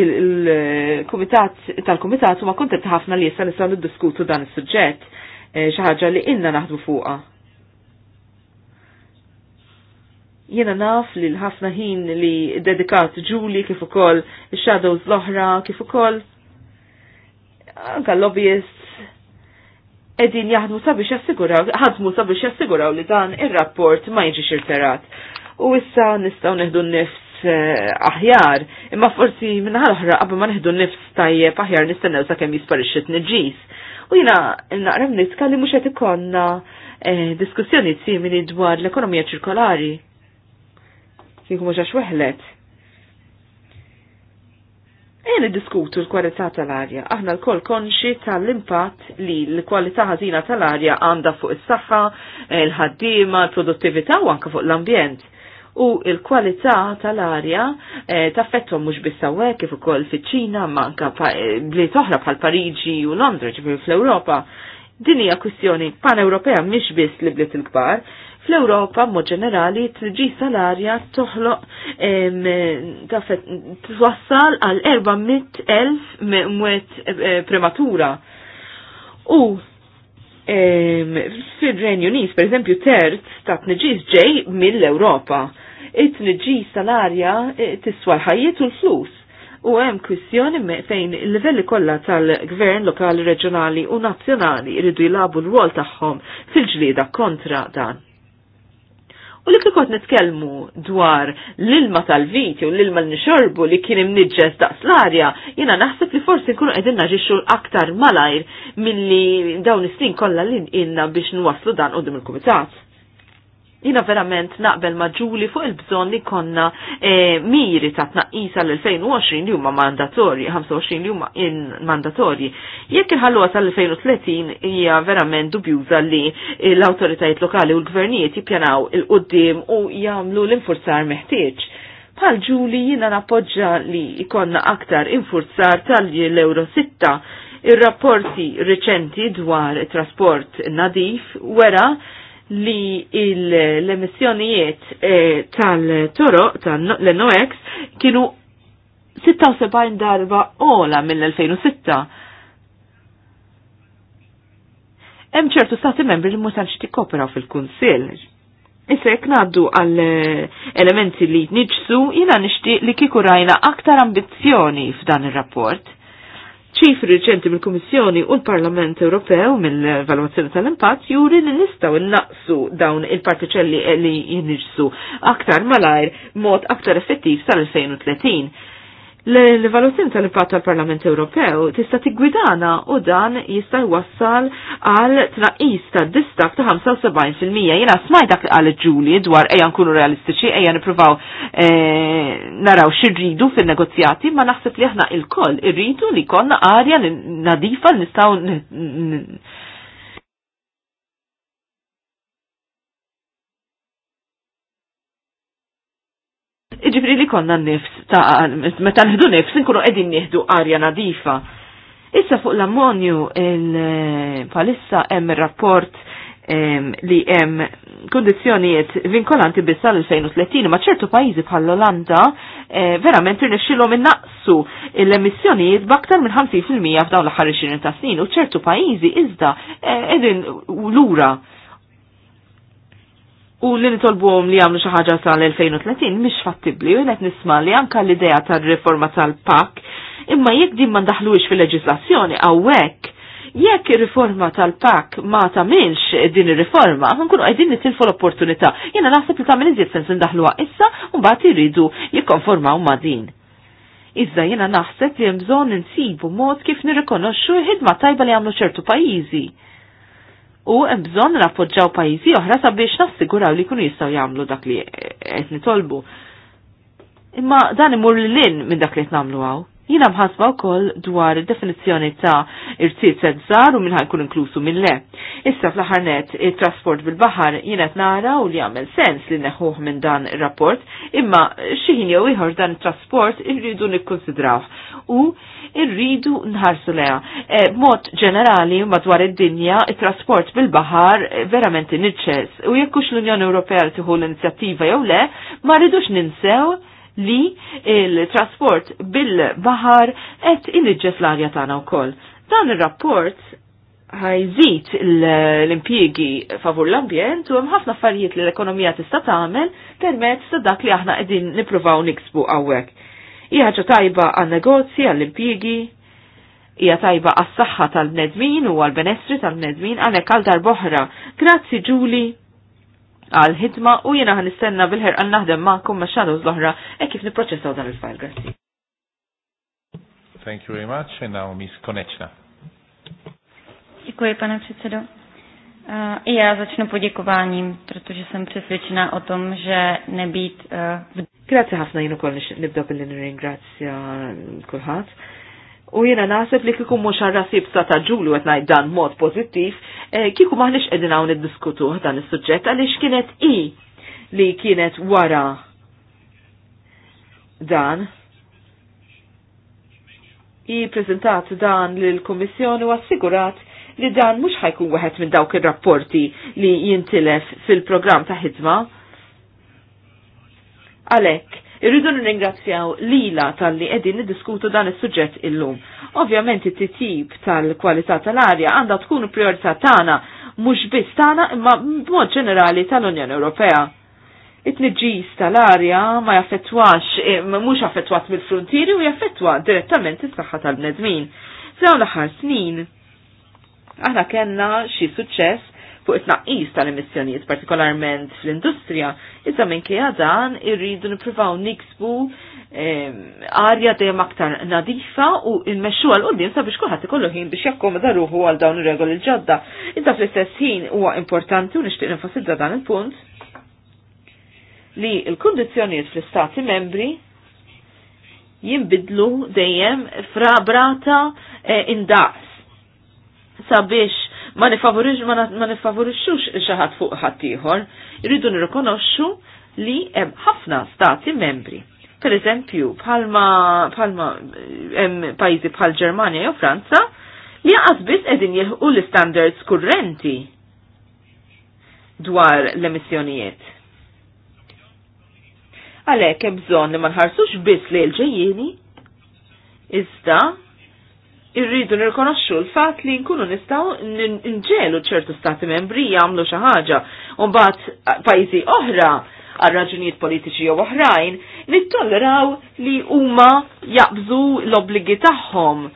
il-kumitat tal-kumitat huma kontenti ħafna li issa nistgħu niddiskutu dan is-suġġett. Eh, xi ħaġa li inna naħdu fuqha. Jena naf li l-ħafna ħin li dedikat Julie kif ukoll ix-shadows l-oħra kif ukoll anka lobbyist edin jaħdmu sabiex jassiguraw, ħadmu sabiex jassiguraw li dan ir-rapport ma jiġix irterat. U issa nistgħu neħdu nifs eh, aħjar, imma forsi minnaħal l oħra qabel ma neħdu nifs tajjeb aħjar nistennew sakemm jisparixxi tniġġis. U jina naqra mniska li mhux qed ikonna e, diskussjoni simili dwar l-ekonomija ċirkolari. Kieku mhux għax weħlet. Ejn diskutu l-kwalità tal-arja. Aħna l kol konxi tal-impatt li l-kwalità ħażina tal-arja għandha fuq is-saħħa, il e, ħaddiema l-produttività u anke fuq l-ambjent u il-kwalità tal-arja eh, taffettom mhux biss hawnhekk kif ukoll fiċ-Ċina manka eh, bliet oħra bħal Pariġi u Londra ġifieri fl-Ewropa. Din hija kwistjoni pan europea mhix biss li bliet il-kbar, fl-Ewropa mod ġenerali tġi salarja toħloq twassal għal 400.000 mwet eh, prematura. U Fil-Renju Unis, per eżempju, terz ta' tniġis ġej mill-Europa. It-tniġis tal-arja eh, tiswa l-ħajiet u l-flus. U hemm kwistjoni fejn il-livelli kollha tal-gvern lokali, reġjonali u nazzjonali jridu jilabu l-rwol tagħhom fil-ġlieda kontra dan. U li kikot netkelmu dwar l-ilma tal-viti u l-ilma l-nixorbu li kien nidġez daqs l-arja, jena naħseb li forsi nkunu edin naġiċu aktar malajr mill-li dawn is kolla l-inna biex nwaslu dan u dim il-komitat jina verament naqbel maġuli fuq il-bżon li konna e, miri ta' tnaqisa l-2020 li huma mandatorji, 25 li huma mandatorji. Jekk il-ħalluha tal-2030 hija verament dubjuża li l-awtoritajiet lokali u l-gvernijiet jippjanaw il-qoddim u jagħmlu l-infurzar meħtieġ. Pal ġuli jina napoġġa li ikonna aktar infurzar tal-Euro 6 Ir-rapporti reċenti dwar trasport nadif wera li l-emissjonijiet eh, tal-toro, tal-NOx, kienu 76 darba ola mill-2006. Hemm ċertu stati membri li mhux tantx tikkoperaw fil-kunsill. Issa jekk ngħaddu għal eh, elementi li jitniġsu, jiena nixtieq li kieku rajna aktar ambizzjoni f'dan ir-rapport ċifri reċenti mill-Kummissjoni u l-Parlament Ewropew mill valwazzjoni tal-impatt juri li nistgħu naqsu dawn il-partiċelli li jinniġsu aktar malajr mod aktar effettiv sal-2030 L-valuzjoni tal-impatt tal-Parlament Ewropew tista' tiggwidana u dan jista' jwassal għal tnaqis tad-distak ta' 75%. Jiena smajt dak għal Ġuli dwar ejja nkunu realistiċi, ejja nippruvaw eh, naraw xirridu fin-negozjati, ma naħseb li aħna il-koll irridu li konna arja nadifa nistgħu Iġifri li konna nifs, ta' meta nħdu nifs, nkunu edin nħdu arja nadifa. Issa fuq l-ammonju eh, palissa hemm rapport li hemm kondizjonijiet vinkolanti biss sal-2030 ma ċertu pajjiżi bħall-Olanda eh, verament irnexxilhom innaqsu l-emissjonijiet b'aktar minn 50% f'dawn l-aħħar 20 ta' snin u ċertu pajjiżi iżda qegħdin eh, lura u li nitolbuhom li jagħmlu xi ħaġa tal-2030 mhix fattibbli u qed nisma' li anke l-idea tar-riforma tal-PAK imma jekk din ma ndaħlux fil-leġislazzjoni hawnhekk jekk ir-riforma tal-pak ma tagħmilx din ir-riforma, nkunu qegħdin nitilfu l-opportunità. Jiena naħseb li tagħmel iżjed sens indaħluha issa u mbagħad iridu jikkonformaw ma' din. Iżda jiena naħseb li hemm bżonn insibu mod kif nirrikonoxxu ħidma tajba li għamlu ċertu pajjiżi u hemm bżonn nappoġġaw pajjiżi oħra sabiex nassiguraw li jkunu jistgħu jagħmlu dak li qed nitolbu. Imma dan imur lil lin minn dak li qed nagħmlu hawn. Jina mħasba wkoll dwar id-definizzjoni ta' irtiet se żgħar u minn ħajkun inklusu minn le. Issa fl-aħħar net it-trasport bil-baħar jienet nara u li għamel sens li neħuħ minn dan ir-rapport, imma xi ħin jew ieħor dan it-trasport irridu nikkonsidraw u irridu nħarsu leha. E, mod ġenerali madwar id-dinja it-trasport bil-baħar verament niċċes u jekkux l-Unjoni Ewropea tieħu l-inizjattiva jew le, ma rridux ninsew li il-trasport bil-bahar et il-ġeslarja tana u wkoll. Dan ir-rapport ħajżit l-impjiegi favur l-ambjent u hemm ħafna affarijiet li l-ekonomija tista' tagħmel permezz ta' dak li aħna qegħdin nippruvaw niksbu hawnhekk. Hija ħaġa tajba għan-negozji, għall-impjiegi, hija tajba għas-saħħa tal-bnedmin u għall benestri tal-bnedmin għalhekk għal darb'oħra. Grazzi Ġuli għal-ħidma u jiena ħanistenna bil-ħerqan naħdem ma'kom ma' xadows l-oħra e kif niproċessaw dan il-fajl. Grazzi. Thank you very much. And now Ms. Konečna. Děkuji, pane předsedo. Eh, I já začnu poděkováním, protože jsem přesvědčena o tom, že nebýt eh, v... Grazie ħafna jenu kol nibda billi nirringrazzja kulħadd. U jiena naħseb li kieku mhux għarrasib sa ta' għetnaj dan mod pożittiv, eh, kieku maħniex qegħdin hawn niddiskutu dan is-suġġett għaliex kienet i li kienet wara dan jiprezentat dan lill-Kummissjoni u assigurat li dan mhux ħajkun wieħed minn dawk ir-rapporti li jintilef fil-programm ta' ħidma. Għalhekk, irridu nirringrazzjaw lila tal-li qegħdin niddiskutu dan is-suġġett illum. Ovvjament it-titjib tal-kwalità tal-arja għandha tkun priorità tagħna mhux biss tagħna imma b'mod ġenerali tal-Unjoni Ewropea it-nġis tal-arja ma jaffettwax, e, mhux affettwat mill-frontieri u jaffettwa direttament is-saħħa tal-bnedmin. F'dawn l-aħħar snin, aħna kellna xi suċċess fuq it tnaqqis tal-emissjonijiet, partikolarment fl-industrija, iżda minkejja dan irridu nippruvaw niksbu e, arja dejjem aktar nadifa u nmexxu għal qudiem sabiex kulħadd ikollu ħin biex jakkomoda ruħu għal dawn ir-regoli l-ġodda. Iżda fl-istess ħin huwa importanti u nixtieq nenfasizza dan il-punt li l kondizjoniet fl-istati membri jimbidlu dejjem fra brata e, eh, indaqs sabiex ma nifavorixxux xaħat fuq ħadd ieħor, irridu nirrikonoxxu li hemm ħafna stati membri. Per eżempju, bħalma bħalma hemm pajjiżi bħal Ġermanja jew Franza li biss qegħdin jilħqu l-standards kurrenti dwar l-emissjonijiet. Għalhekk hemm bżonn li ma nħarsux biss li l ġejjini iżda irridu nirkonoxxu l-fatt li nkunu nistgħu nġelu ċertu stati membri jagħmlu xi ħaġa u mbagħad pajjiżi oħra għal raġunijiet politiċi jew oħrajn nittolleraw li huma jaqbżu l-obbligi tagħhom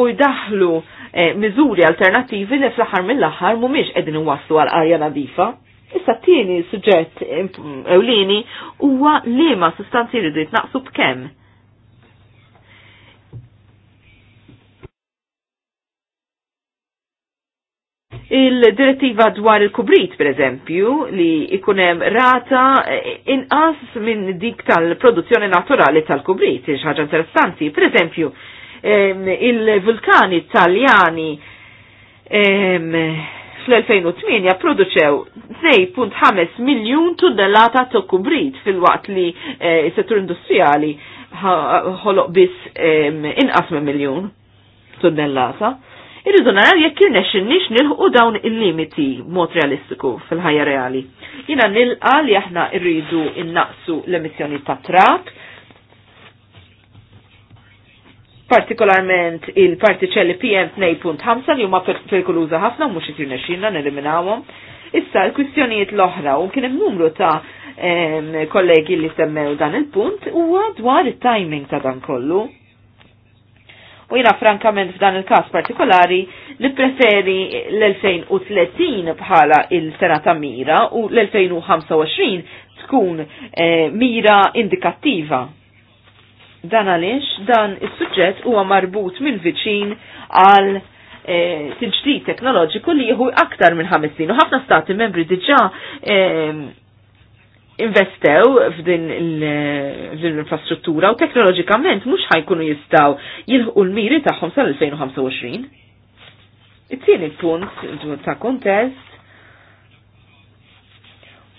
u jdaħlu eh, miżuri alternattivi li fl-aħħar mill-aħħar mhumiex qegħdin waslu għal arja nadifa. Issa t-tieni suġġett ewlieni huwa li ma sustanzi jridu naqsu b'kem. Il-direttiva dwar il-kubrit, per eżempju, li ikunem rata inqas minn dik tal-produzzjoni naturali tal-kubrit, ħaġa interessanti. Per eżempju, ehm, il-vulkani taljani ehm, fl-2008 produċew 2.5 miljun tunnellata ta' kubrit fil-waqt li s-settur eh, industrijali ħoloq biss inqas minn miljun tunnellata. Irridu naraw jekk irnexxinniex nilħu dawn il-limiti mod realistiku fil-ħajja reali. Jina nilqa li aħna rridu innaqsu l-emissjoni ta' trak, partikolarment il-partiċelli PM2.5 li huma perikoluża ħafna u mhux qed nexxinna neliminawhom. Issa l-kwistjonijiet l-oħra u kien hemm numru ta' kollegi li semmew dan il-punt huwa dwar it-timing ta' dan kollu. U jina frankament f'dan il-kas partikolari nippreferi l-2030 bħala il-sena ta' mira u l-2025 tkun eh, mira indikattiva Dan għaliex dan is-suġġett huwa marbut mill-viċin għal e, teknoloġiku li jieħu aktar minn ħamessin. U ħafna stati membri diġà e, investew f'din l-infrastruttura u teknoloġikament mhux ħajkunu jistgħu jilħu l-miri tagħhom sal-2025. It-tieni punt ta' kontest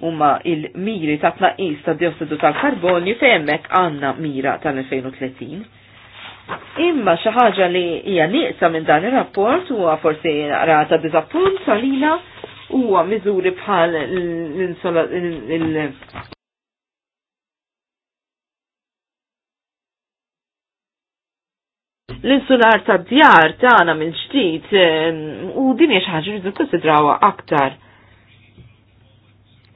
huma il-miri ta' tnaqqis ta' diossidu tal-karbonju femmek għanna mira tal-2030. Imma xi ħaġa li hija nieqsa minn dan ir-rapport huwa forsi rata diżappunt għalina huwa miżuri bħal l l-insular ta' djar tagħna minn ġdid eh, u din hija xi ħaġa rridu nkonsidrawha aktar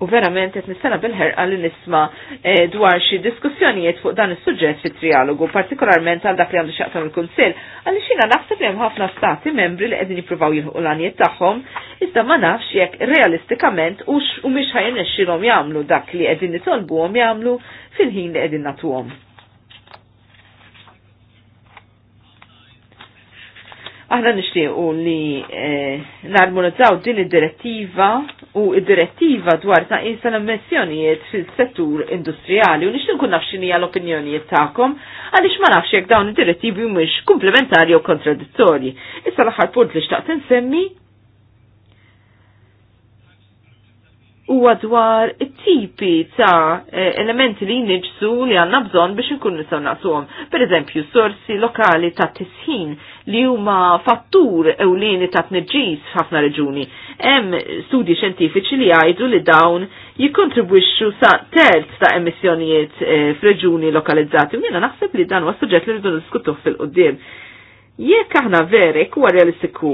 U verament qed nistana bil-ħerqa li nisma eh, dwar xi diskussjonijiet fuq dan is-suġġett fit-trialogu, partikolarment għal dak li għandu xaqtan il-Kunsill, għaliex jiena naħseb li hemm ħafna stati membri li qegħdin jippruvaw jilħu l-għanijiet tagħhom, iżda ma nafx jekk realistikament u mhix ħajnexxilhom jagħmlu dak li qegħdin nitolbuhom jagħmlu fil-ħin li qegħdin nagħtuhom. Aħna nixtiequ li eh, narmonizzaw din id-direttiva u id-direttiva dwar ta' insa l fil-settur industrijali u nixtieq kun nafx hija l-opinjonijiet tagħkom għaliex ma nafx jekk dawn id-direttivi mhumiex komplementari u kontradittorji. Issa l-aħħar punt li xtaqt insemmi huwa dwar tipi ta' eh, elementi li nġsu li għanna bżon biex nkun nisaw naqsuhom. Per eżempju, sorsi lokali ta' tisħin li huma fattur ewlieni ta' tneġġis f'ħafna reġuni. Hemm studji xjentifiċi li jgħidu li dawn jikkontribwixxu sa' terz ta' emissjonijiet eh, f'reġuni lokalizzati. U jiena naħseb li dan huwa suġġett li rridu diskutuh fil-qudiem. Jekk aħna verek huwa realistiku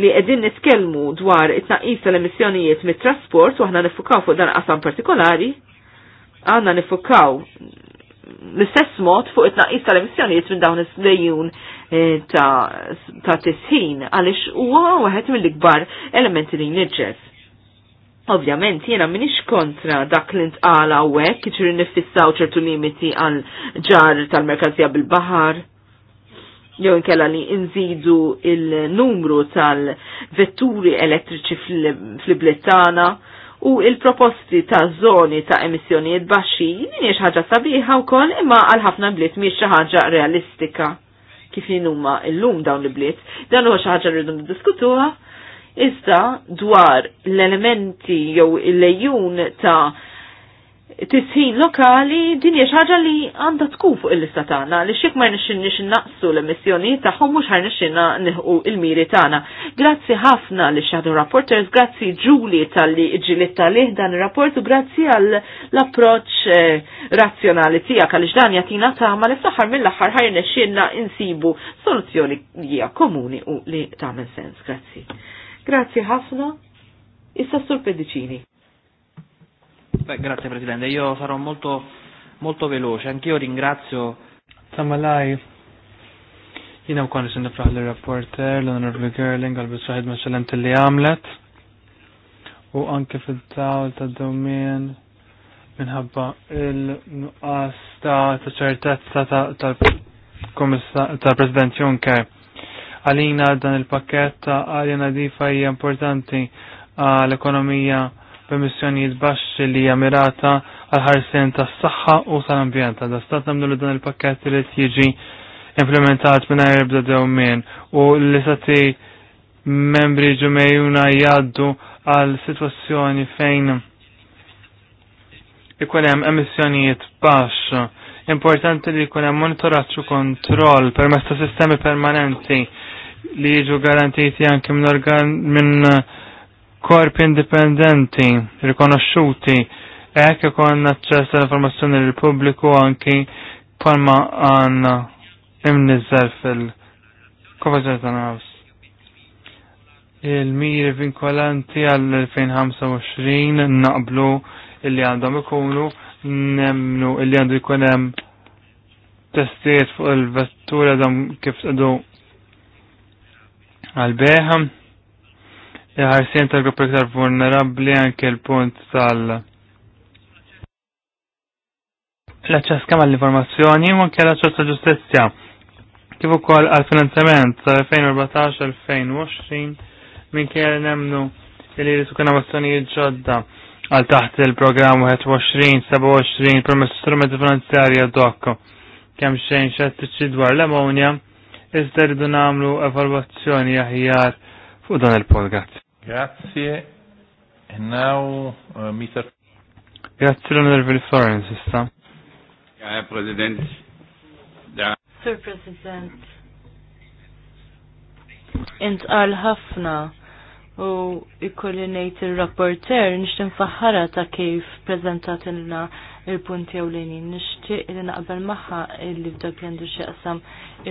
li qegħdin nitkellmu dwar it-tnaqqis tal-emissjonijiet mit-trasport u aħna nifukaw fuq dan qasam partikolari, aħna nifukaw l-istess mod fuq it-tnaqqis tal-emissjonijiet minn dawn is-lejjun eh, ta' tisħin għaliex huwa waħed mill-ikbar elementi li nirġef. Ovvjament, jena minix kontra dak li ntqala u hekk ċirin nifissaw ċertu limiti għal ġar tal-merkanzija bil-bahar jew inkella li nżidu il-numru tal-vetturi elettriċi fl-ibliet tagħna u il-proposti ta' zoni ta' emissjonijiet baxxi mhijiex ħaġa sabiħa wkoll imma għal ħafna bliet mhijiex xi ħaġa realistika kif huma illum dawn l-bliet. Dan huwa xi ħaġa rridu niddiskutuha iżda dwar l-elementi jew il-lejjun ta' tisħin lokali din hija ħaġa li għandha tkun fuq il-lista tagħna li xek ma nixinniex naqsu l-emissjonijiet tagħhom mhux ħarnexxinna nieħu il-miri tagħna. Grazzi ħafna li Shadow Rapporters, grazzi Julie tal-li ġilit tal li dan ir-rapport u grazzi għall-approċċ eh, razzjonali tiegħek għaliex dan jagħtina tagħma li fl mill-aħħar ħarnexxinna insibu soluzzjoni hija komuni u li tagħmel sens. Grazzi. Grazzi ħafna. Issa sur Pedicini. Beh, grazie Presidente, io sarò molto, molto veloce, anch'io ringrazio. Tamalaj, jina wkoll nixin nifraħ li rapporter l-Onorevoli Gerling għal-bisraħid maċċellent li għamlet u anke fil-tawl ta' domin minħabba il-nuqqas ta' ċertezza tal-President Juncker. Għalina dan il-pakket ta' għalina difa hija importanti għal-ekonomija permissjonijiet baxx li hija mirata ħarsen ħarsien tas-saħħa u tal-ambjent. Da stat nagħmlu li dan il pakket li t-jieġi implementat mingħajr ebda dewmien u li sati membri ġumejuna jgħaddu għal sitwazzjoni fejn ikun hemm emissjonijiet baxx. Importanti li jkun hemm monitoraġġ u kontroll permezz ta' sistemi permanenti li jiġu garantiti anke minn korpi indipendenti, rikonoxxuti, ek ikon naċċess l-informazzjoni l-pubbliku anki palma għanna imnizzel fil-Konvenzjoni ta' Il-miri vinkolanti għall 2025 naqblu illi għandhom ikunu nemnu illi għandu jkun hemm testijiet fuq il-vettura dam kif tqdu għal-beħam ħarsien tal-grupp iktar vulnerabli anke l-punt tal- l-aċċess kemm għall-informazzjoni u anke l-aċċess ta' ġustizzja. Kif ukoll għall-finanzjament tal-2014-2020 minkejja nemnu li jridu kien azzjonijiet ġodda għal taħt il-programm 21-27 permess strumenti finanzjari ad hoc. Kemm xejn xettiċi dwar l-ammonja, iżda rridu nagħmlu evalwazzjoni aħjar fuq dan il-podcast. Grazie. And now, uh, Mr. Grazie l-onorevoli Florence, issa. Ja, President. Sir President. Int għal ħafna u ikollinejt il-rapporter nishtin faħħara ta' kif prezentatilna il-punti ewlenin. Nixtieq li naqbel magħha li f'dak li għandu x'jaqsam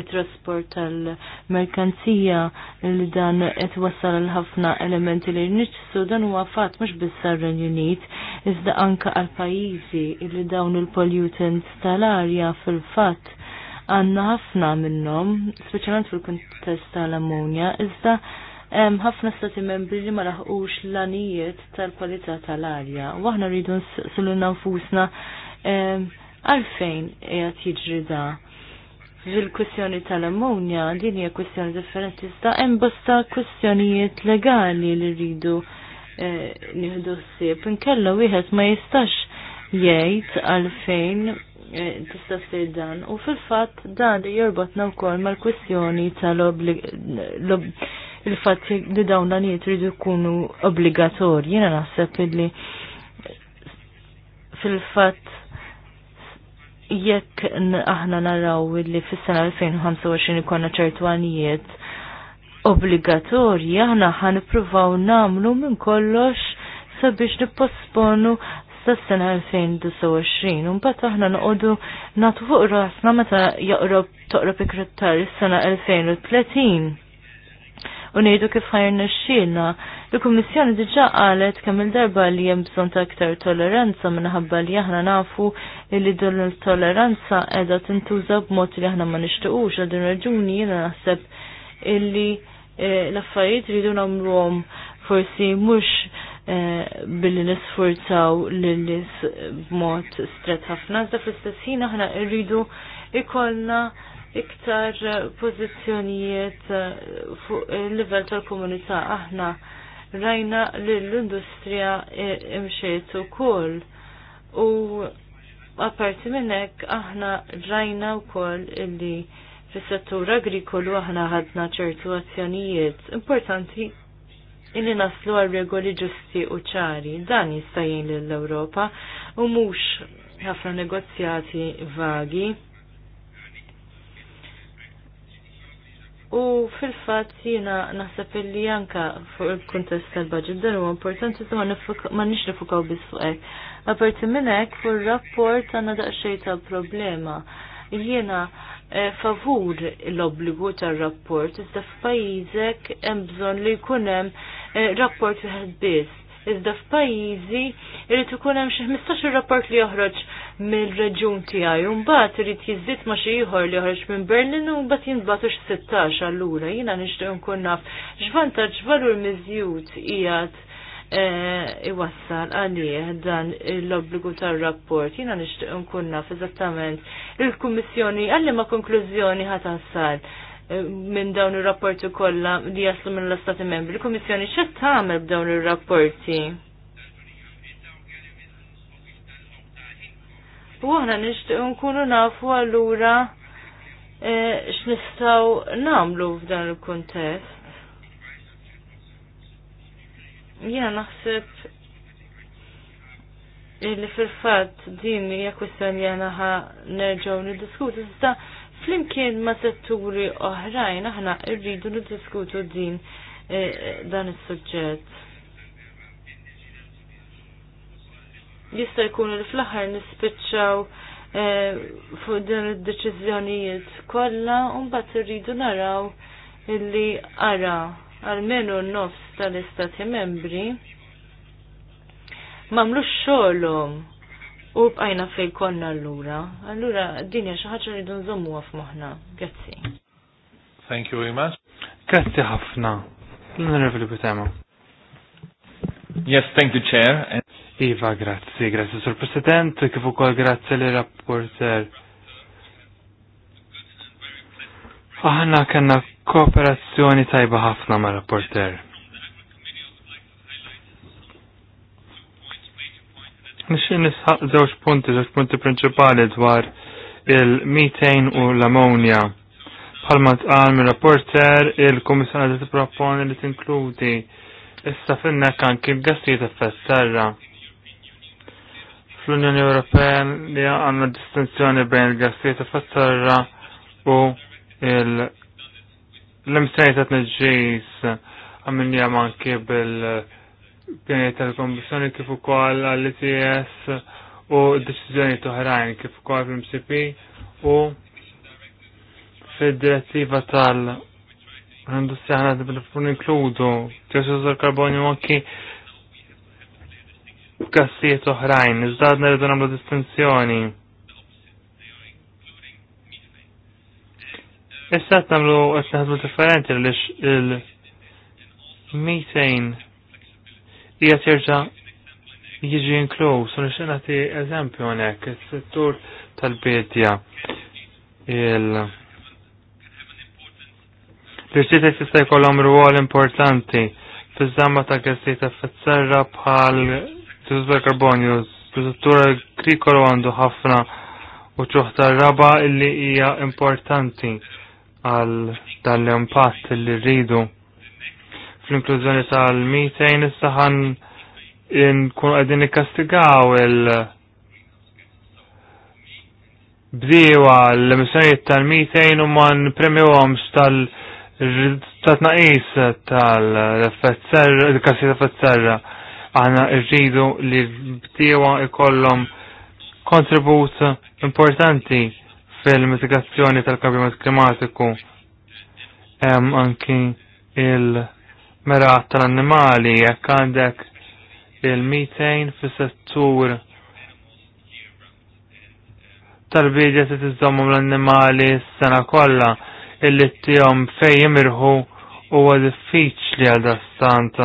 it-trasport tal-merkanzija li dan qed wassal għal ħafna elementi li nixtsu dan huwa fatt mhux biss renju Unit, iżda anke għal pajjiżi li dawn il-pollutants tal-arja fil-fatt għanna ħafna minnom, speċjalment fil-kuntest tal-ammonja, iżda hemm ħafna stati membri li ma laħqux l-anijiet tal-kwalità tal-arja. U aħna rridu nsulu nfusna għalfejn qiegħed jiġri da. fil kwestjoni tal-ammonja din hija kwistjoni differenti sta, hemm bosta kwistjonijiet legali li rridu e, nieħdu ssib. Inkella wieħed ma jistax jgħid għalfejn e, tista' ssir dan u fil-fatt dan jorbotna wkoll mal kwestjoni tal-obbligazzjoni il-fatt li dawn dan jitridu kunu jkunu obbligatorji, jena naħseb li fil-fatt jekk aħna naraw li fis-sena 2025 ikonna ċertu għanijiet obbligatorji, aħna ħan provaw namlu minn kollox sabiex nipposponu sas-sena 2029. Mbagħad aħna noqogħdu natu fuq rasna meta jaqrob toqrob ikrittar is-sena 2030 u ngħidu kif ħajrna xilna. Il-Kummissjoni diġà qalet kemm il-darba li hemm bżonn ta' aktar tolleranza minħabba li aħna nafu li din il-tolleranza qiegħda tintuża b'mod li aħna ma nixtiequx għal din raġuni jiena naħseb illi eh, l-affarijiet rridu nagħmluhom forsi mhux eh, billi nisfurzaw l-lis b'mod stret ħafna, zda fl-istess ħna aħna rridu iktar eh, pozizjonijiet eh, fuq il-livell tal-komunità aħna rajna li l-industrija eh, imxiet koll u apparti minnek aħna rajna wkoll illi fis-settur agrikolu aħna ħadna ċertu azzjonijiet importanti illi naslu għal regoli ġusti u ċari. Dan jista' jgħin lill-Ewropa u mhux ħafna negozjati vagi. U fil-fat jina naħseb li janka fuq il-kuntest tal-budget dan huwa importanti ma nix nifukaw biss fuq hekk. Aparti minn hekk fuq ir-rapport għandna daqsxejn tal-problema. Jiena eh, favur l-obbligu tar-rapport iżda f'pajjiżek hemm bżonn li jkun hemm eh, rapport wieħed biss iżda f'pajjiżi irid ikun hemm xi 15 rapport li joħroġ mill-reġun tiegħi u mbagħad irid jiżdied ma' xi ieħor li joħroġ minn Berlin u mbagħad jinbagħtu x 16 allura jiena nixtieq nkun naf x'vantaġġ valur miżjud qiegħed eh, iwassal għalih dan l-obbligu tal-rapport. Jina nishtiq nkunna f'eżattament il-Kummissjoni għalli ma konklużjoni ħatassal minn dawn ir-rapporti kollha li jaslu minn l-Istati Membri. Il-Kummissjoni x'qed tagħmel b'dawn ir-rapporti? U aħna nixtieq nkunu nafu allura eh, x'nistgħu nagħmlu f'dan il-kuntest. Jiena naħseb li fil-fatt din hija kwistjoni aħna ħa nerġgħu niddiskutu iżda flimkien ma' setturi oħrajn aħna rridu niddiskutu din e, dan is-suġġett. Jista' jkun li fl-aħħar nispiċċaw e, fuq din id-deċiżjonijiet kollha u mbagħad irridu naraw illi ara għalmenu n-nofs tal-istati membri mamlu xolom U bqajna fej konna allura. Allura dinja xi ħaġa rridu għaf f'moħħna. Grazzi. Thank you very much. Grazzi ħafna. L-onorevoli Butema. Yes, thank you, Chair. Iva, grazie, grazie, Sur President, kif ukoll grazzi li rapporter. Aħna kanna kooperazzjoni tajba ħafna ma' rapporter. Nixin nisħaq żewġ punti, żewġ punti prinċipali dwar il-methane u l ammonia Palma tqal mir rapporter il-Komissjoni li tipproponi li tinkludi issa finna kan kif gassijiet effett terra Fl-Unjoni Ewropea li għandna distinzjoni bejn il-gassijiet effett terra u l-imsejta t-nġis għamminja manki bil- uh, pjanijiet tal-Kommissjoni kif ukoll għall-ITS u d-deċiżjoni oħrajn kif ukoll fil-MCP u fil-direttiva tal- Għandussja ħana d-bil inkludu, ġesus l-karbonju anki kassijiet oħrajn, iżda nirridu nagħmlu distinzjoni. Issa qed nagħmlu qed naħdmu differenti għaliex il-methane hija terġa' jiġi inkluż. U nixtieq eżempju hawnhekk is-settur tal-bidja il L-irċiet jista' jkollhom ruol importanti fiż-żamma ta' għessi ta' fetzerra bħal tużba karbonju, struttura agrikolu għandu ħafna u ċuħta raba illi hija importanti għal dal-impatt li rridu fl-inklużjoni tal-mitejn issa ħan nkunu qegħdin nikkastigaw il- bdiewa l-emissjonijiet tal-mitejn u ma npremjuhomx tal- tat-naqis tal-effett serra, il-kassi tal-effett serra, għana rridu li bdiewa ikollhom kontribut importanti fil-mitigazzjoni tal-kambjament klimatiku. Hemm anki il- mera tal-annimali jekk għandek il-200 fis-settur tal-bidja se tiżommhom l-annimali s-sena kollha illi t-tijom fejn jimirħu huwa diffiċli għal dastant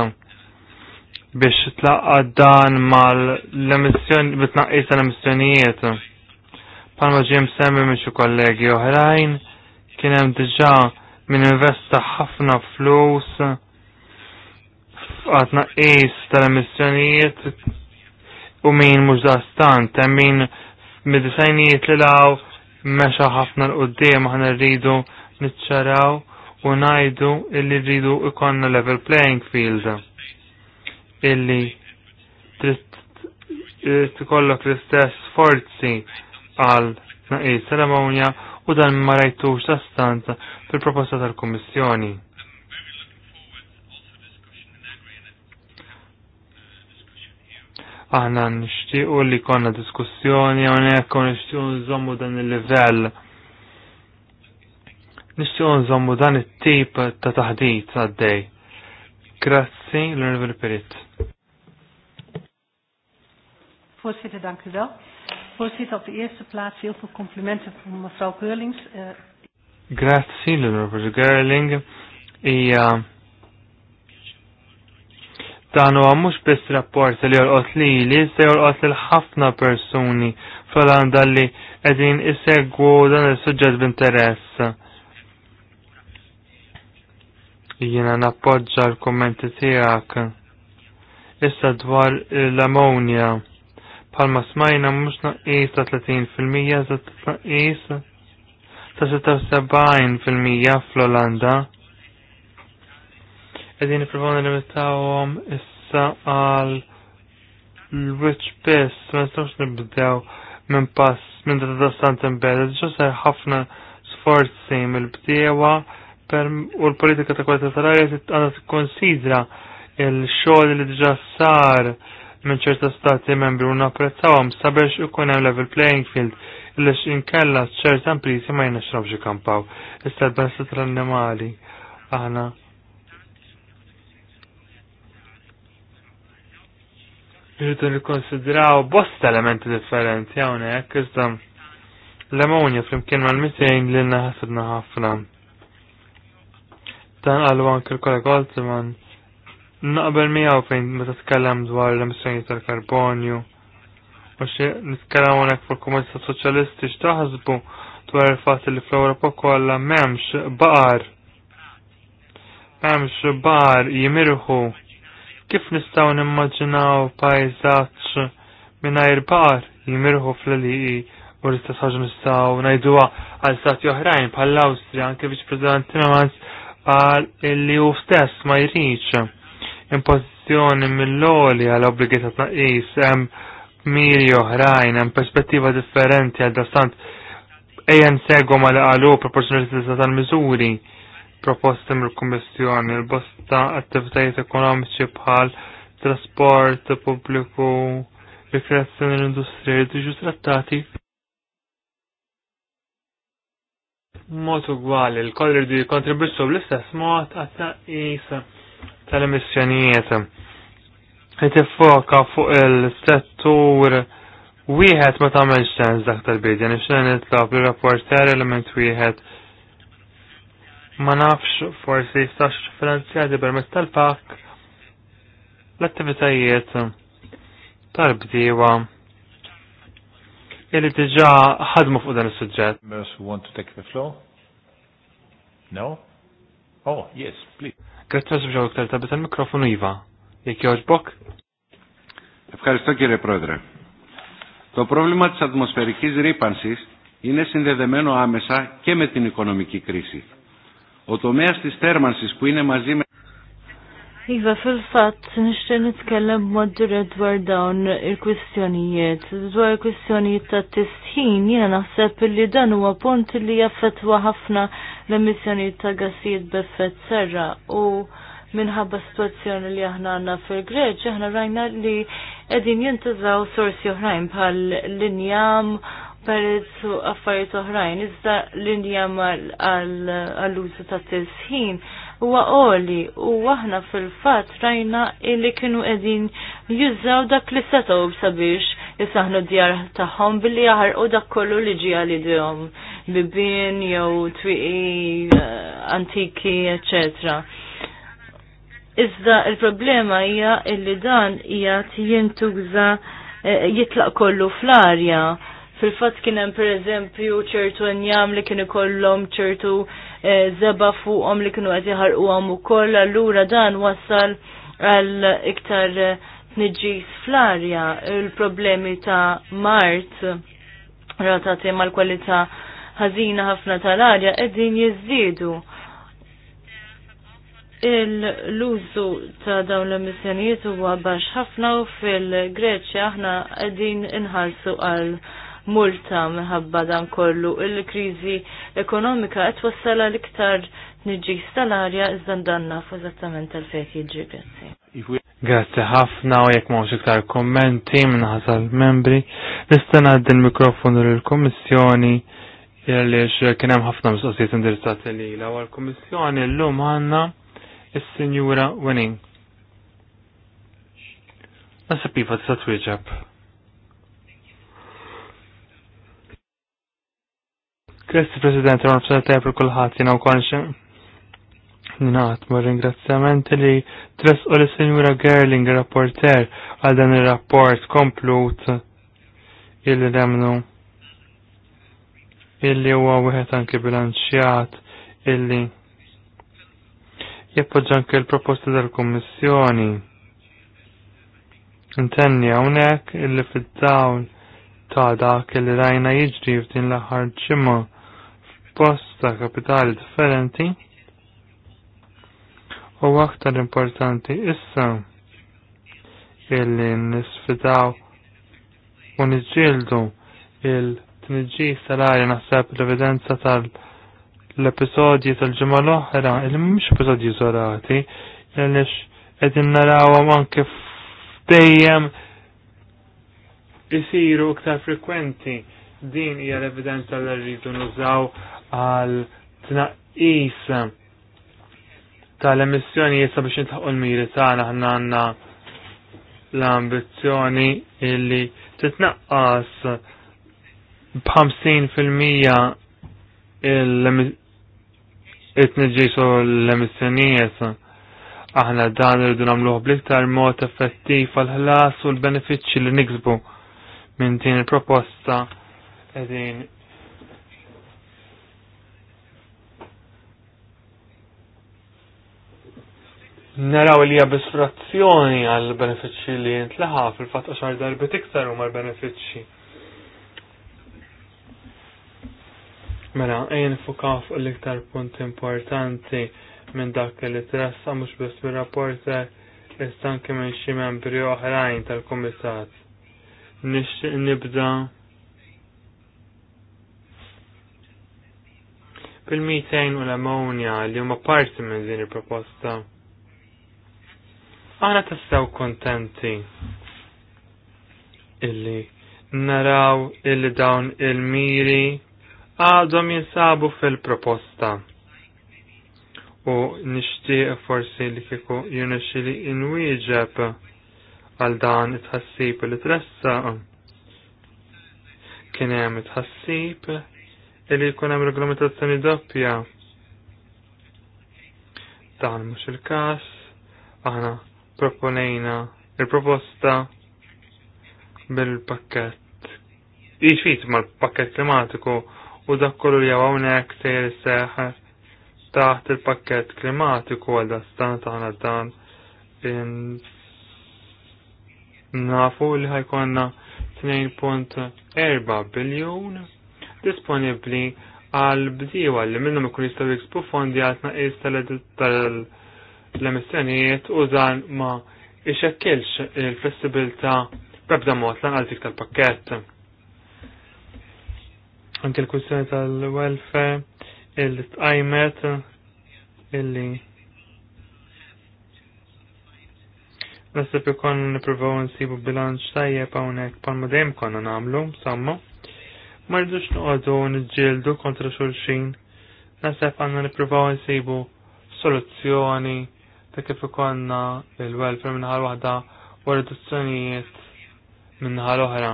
biex tlaqqad dan mal-emissjoni bitnaqqis l emissjonijiet Pan maġim semmi minn kollegi oħrajn kien hemm diġà min investa ħafna flus għatna is tal-emissjonijiet u min mux dastan, ta' min mid-disajnijiet li law meċa ħafna l-qoddim ħana rridu nitċaraw u najdu illi rridu ikonna level playing field illi tikollok l-istess forzi għal naqis tal-ammonja u dan ma rajtux ta' fil-proposta tal-Kommissjoni. Aħna nixtiequ li konna diskussjoni hawnhekk u nixtiequ nżommu dan il-livell. Nixtiequ nżommu dan il tip ta' taħdit għaddej. Grazzi l-Univer Perit. Forsi Voorzitter, dank u wel. Voorzitter, op de eerste plaats heel veel complimenten voor mevrouw Geurlings. Eh, Grazie, Lenover Gerling. Ija Dan huwa mhux biss rapport li jorqot lili, se jorqot lil ħafna persuni fl-Olanda li qegħdin isegwu dan is-suġġett b'interess. Jiena nappoġġa l-kummenti tiegħek. Issa dwar l-ammonja. Palma smajna mhux naqis ta' 30% za mija ta' 76% fil-mija fl-Olanda qegħdin nippruvaw nirrimettawhom issa għal l-wiċ biss ma nistawx nibdew minn pass minn da dastant imbeda, ġo ser ħafna sforzi mill-bdiewa u l-politika ta' kwalità tal-arja t-konsidra il-xogħol li diġà sar minn ċerta stati membri u napprezzawhom sabiex ikun hemm level playing field li inkella ċerta imprisi ma jnex nobġi kampaw. Issa l-benessri tal-annimali aħna Irridu nikkonsidraw bost elementi differenti hawnhekk iżda l-amonja flimkien mal-mitejn li naħasibna ħafna. Dan għallu anke l-kollega Altman naqbel miegħu fejn meta tkellem dwar l-emissjoni tal-karbonju. U xi nitkellem hawnhekk fuq komunista Soċjalisti xtaħazbu dwar il-fatt li fl europa kollha m'hemmx baqar. M'hemmx baqar jimirħu Kif nistaw nimmaġinaw pajzaċ minnajr bar jimirħu fl-li u l-istess nistaw najduwa għal stati oħrajn bħal austria awstrija anke biex prezident Timmermans għal illi u stess ma jriċ impozizjoni mill-loli għal obbligiet tnaqis, hemm miri oħrajn hemm perspettiva differenti għal dastant ejjen nsegwu ma li qalu proporzjonalità tal-miżuri proposti mill-Kummissjoni l-bosta attivitajiet ekonomiċi bħal trasport pubbliku, rikreazzjoni l-industrija diġu trattati mod ugwali l-koll di kontribuċu bl-istess mod għatta tnaqqis tal-emissjonijiet. Qed fuq il-settur wieħed ma tagħmelx sens dak tal-bidja nixtieq nitlob li rapporter element wieħed ma nafx forsi jistax finanzjati permess tal-pak l-attivitajiet tal-bdiewa illi diġa ħadmu fuq dan il-sujġet. Members who want to take the floor? No? Oh, yes, please. Grazzi għax bġaw iktar tabet il-mikrofonu Iva. Jek joġbok? Ευχαριστώ κύριε Πρόεδρε. Το πρόβλημα της ατμοσφαιρικής ρήπανσης είναι συνδεδεμένο άμεσα και με την οικονομική κρίση. Ο τομέας της θέρμανσης που είναι μαζί με Iva, fil-fat, nishtiq nitkellem maddur dwar dawn il-kwistjonijiet. Dwar il-kwistjonijiet ta' tisħin, jiena naħseb li dan huwa punt li jaffetwa ħafna l-emissjonijiet ta' gassijiet b'effett serra u minħabba situazzjoni li aħna għandna fil-Greċ, aħna rajna li qegħdin jintużaw sorsi oħrajn bħal l-injam perez u affarijiet oħrajn, iżda l injam għall-użu ta' tisħin huwa għoli u aħna fil-fatt rajna illi kienu qegħdin jużaw dak li setgħu sabiex jisaħnu djar tagħhom billi jaħarqu dak kollu li ġie għalidhom bibien jew twiqi eh, antiki, etc. Iżda il-problema hija illi dan hija jintuża eh, jitlaq kollu fl-arja Fil-fatt kien hemm pereżempju ċertu enjam li kienu kollhom ċertu eh, zeba fuqhom li kienu qed jaħarquhom ukoll, allura dan wassal għal iktar eh, tniġġis fl-arja il-problemi ta' Mart ratati mal-kwalità ħażina ħafna tal-arja qegħdin jiżdiedu il-lużu ta' dawn l-emissjonijiet huwa baxx ħafna u fil-Greċja aħna qegħdin inħallsu għal multa minħabba dan kollu il-kriżi ekonomika qed wassala l-iktar niġi salarja iżda ndanna f'eżattament tal għalfejn jiġri grazzi. Grazzi ħafna u jekk mhux iktar kommenti minn l-membri, nista' ngħaddi l-mikrofonu lill-Kummissjoni għaliex kien hemm ħafna mistoqsijiet indirizzati lilha u l-Kummissjoni llum għandna is-Sinjura Winning. Nasib iva tista' twieġeb. Grazie President, għan te per kullħat jina u konxie. Ninaħt ma ringrazzjamenti li tres u li Senjura Gerling, rapporter, għal dan il-rapport komplut illi demnu illi huwa wieħed anki bilanċjat illi jappoġġa anke l-proposta tal-Kummissjoni. Intenni hawnhekk illi fid-dawl ta' dak illi rajna jiġri f'din l-aħħar post ta' kapitali differenti u aktar importanti issa illi nisfidaw u nġildu il-tniġi salari naħseb l-evidenza tal-episodji tal-ġimma l-oħra illi mhumiex episodji zorati għaliex qegħdin narawhom anke dejjem isiru iktar frekwenti din hija l-evidenza li rridu nużaw għal tnaqis tal-emissjonijiet sabiex nitħu l-miri tagħna aħna għandna l-ambizzjoni illi titnaqqas b'50 fil-mija it-nġisu l-emissjonijiet. Aħna dan irridu namluħ bliktar mod effettiv għal-ħlas u l-benefiċċji li niksbu minn din il-proposta qegħdin naraw li jabis frazzjoni għal benefiċċji li jintlaħa fil fatt għaxar darbit iktar huma l-benefiċċji. Mela, ejn fukaw fuq l-iktar punt importanti minn dak li tressa mhux biss bir rapporta istan minn xi membri oħrajn tal-kumitat. Nixtieq nibda bil-mitejn u l-ammonja li huma parti minn din il-proposta. Aħna tassew kontenti illi naraw illi dawn il-miri għadhom jinsabu fil-proposta. U nishti forsi li kiku li inwieġeb għal dan it-ħassib li tressa. Kien hemm it-ħassib illi jkun hemm reglamentazzjoni doppja. Dan mhux il-każ, aħna proponejna il-proposta bil-pakket. Iċfit mal-pakket klimatiku u dakkollu li għawnek sejr seħ taħt il-pakket klimatiku għal stan taħna dan nafu li ħajkonna 2.4 biljon disponibli għal bdiwa li minnum ikun jistaw jiksbu fondi għal tnaqis tal-tal l-emissjonijiet u dan ma ixekkilx il-flessibilta b'ebda mod għal dik tal-pakkett. Anke l-kwistjoni tal-welfare, il-tqajmet, illi Nasib ikon niprofaw nsibu bilanċ tajjeb hawnhekk ma dejjem konna nagħmlu, samma. Ma rridux noqogħdu niġġieldu kontra xulxin. Naseb għandna niprofaw nsibu soluzzjoni ta' kif ikonna il-welfare minnaħar waħda u reduzzjonijiet minnaħar oħra.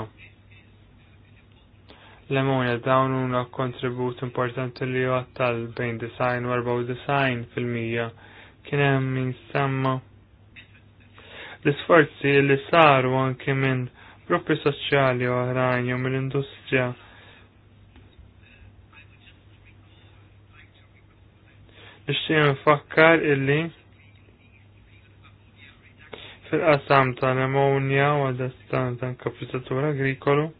L-ammonja dawn huna kontribut importanti li għat tal-bejn design u design fil-mija kien hemm insemma l-isforzi li saru anke minn gruppi soċjali oħrajn jew mill-industrija nixtieq nfakkar illi fil-qasam tal-ammonja u għadastan tal-kapitatur agrikolu.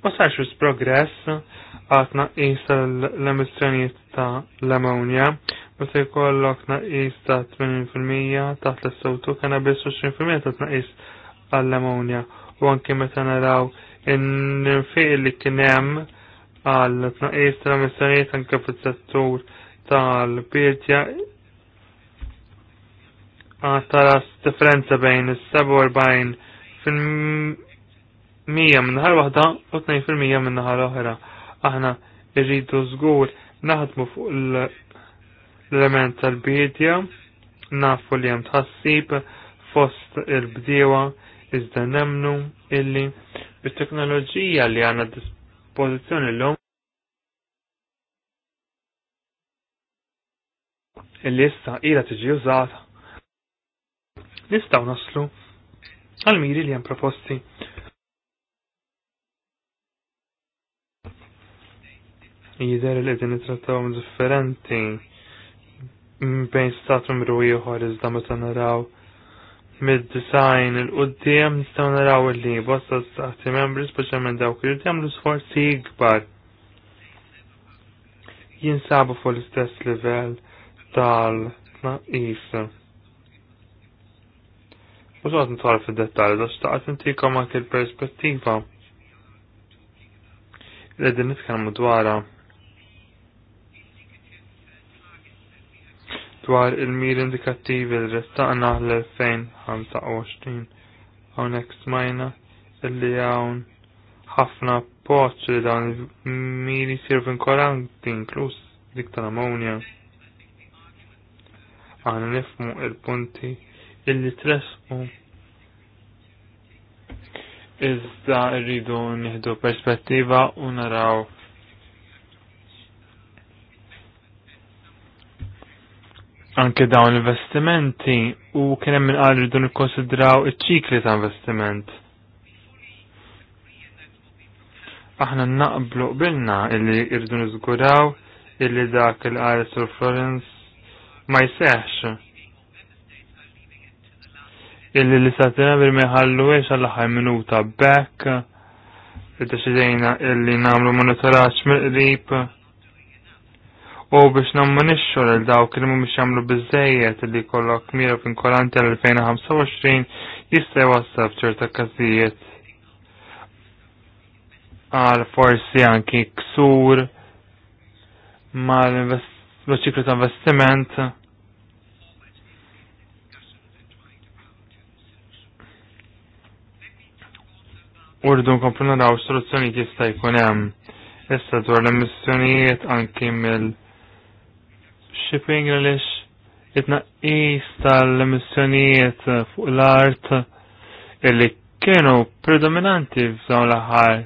Ma sarx progress għatna is l-emissjoniet ta' l-ammonja, ma se jkollok naqis ta' 80% taħt l-sewtu kanabis 20% ta' na tnaqis l ammonja u anke meta naraw in-fiq li kienem għal tnaqis l emissjoniet ta' l settur tal-pirtja għataras ah, differenza bejn il-47 fil minn minnaħar wahda u 2% minnaħar oħra. Aħna irridu zgur naħdmu fuq l-element tal-bidja, nafu li jem tħassib fost il-bdiewa, iżda nemnu illi bit-teknoloġija li għanna dispożizzjoni l-lum illi issa ila tiġi użata nistgħu naslu għal miri li hemm proposti. Jider li qegħdin nittrattawhom differenti bejn stat numru ieħor iżda meta naraw mid-design il-qoddim nistgħu naraw li bosta staħti membri speċjalment dawk li jagħmlu sforzi ikbar jinsabu fuq l-istess livell tal naqis u toqgħod nitħol id dettall għax taqgħod intikom anke l-perspettiva li qegħdin nitkellmu dwarha dwar il-mir indikattivi li restaqna l-2025 hawnhekk smajna illi hawn ħafna poċ li dawn il mir sirvu inkoranti inkluż dik tal-ammonja għana nifmu il-punti illi tresqu. Iżda rridu nieħdu perspettiva u naraw anke dawn l-investimenti u kien hemm inqal rridu nikkonsidraw iċ-ċikli ta' investiment. Aħna naqblu qbilna illi rridu niżguraw illi dak il qal sur Florence ma jsehx illi li s-satina bil meħallu iex għall-ħaj minuta bekk id-deċidejna illi namlu monitoraċ mill-qrib u biex nammonixxu l dawk li mhumiex jagħmlu biżejjed li jkollok mira kolanti għal 2025 jista' jwassal f'ċerta każijiet għal forsi anki ksur mal-ċiklu ta' investiment Urdu nkomplu naraw soluzzjoni jista' jkun hemm. Issa dwar l-emissjonijiet anki mill shipping għaliex it-naqqis tal-emissjonijiet fuq l-art illi kienu predominanti f'dawn l-aħħar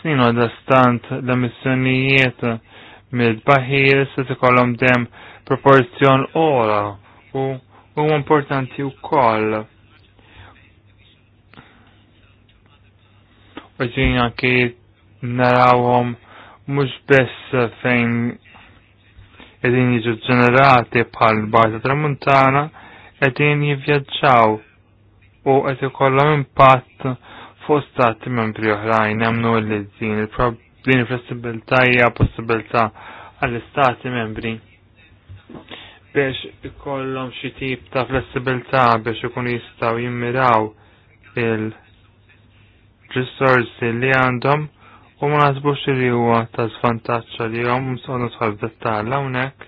snin għadha stant l-emissjonijiet mill-baħir se tikollhom dem proporzjon ora u huwa importanti wkoll għagġin anki narawom mux bess fejn edin jizu ġenerati bħal bajta tramuntana edin jivjaġġaw u edi ikollhom impatt fuq stati membri oħrajn jemnu li din din il-flessibilità hija possibilità għall-istati membri biex ikollhom xi tip ta' flessibilità biex ikun jistgħu jimmiraw il- risorsi li għandhom u ma nasbux li huwa ta' svantaċċa li jom msonu tħol dettall hawnhekk.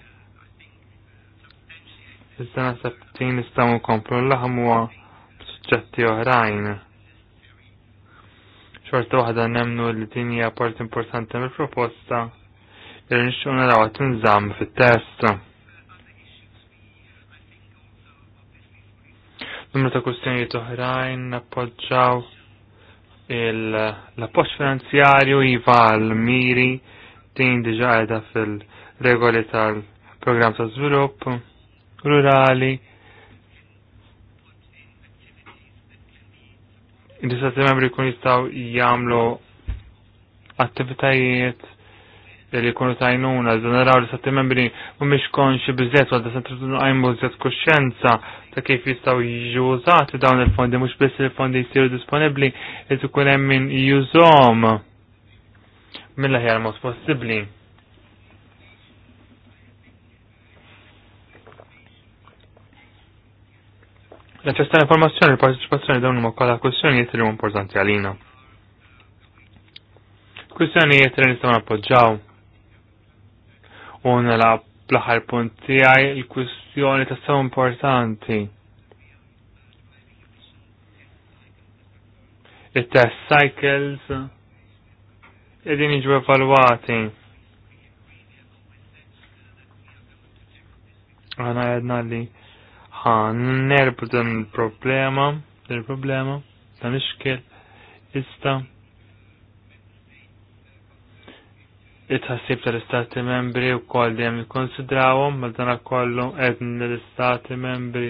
Iżda naħseb tin nistgħu nkomplu l-aħam huwa b'suġġetti oħrajn. Xorta waħda nemnu li din hija part importanti mill-proposta li nixtieq naraw tinżamm fit-test. Numru ta' kustjonijiet oħrajn appoġġaw l-appoċ finanzjarju jiva l-miri din diġa għeda fil-regoli tal-program ta' zvilupp rurali. Il-istati membri kun jistaw jamlu attivitajiet li jkunu tajnuna, dan naraw li sati membri mhumiex konxi biżet għal da tunu għajmu bizzet kuxjenza ta' kif jistgħu jiġu dawn il-fondi, mhux biss il-fondi jsiru disponibbli li tkun hemm min jużhom mill ħjar mod possibbli. L-ċesta informazzjoni, l-parteċipazzjoni dawn huma kollha kwistjonijiet li huma importanti għalina. Kwistjonijiet li nistgħu nappoġġaw u nilab plaħar punti għaj il kwistjoni ta' sew importanti. Il-test cycles edin iġu evalwati. Għana għedna li ħan nerbu dan il-problema, il-problema, dan ix ista' it-ħassib tal-istati membri u koll dejjem jikkonsidrawhom ma dana kollu edni l-istati membri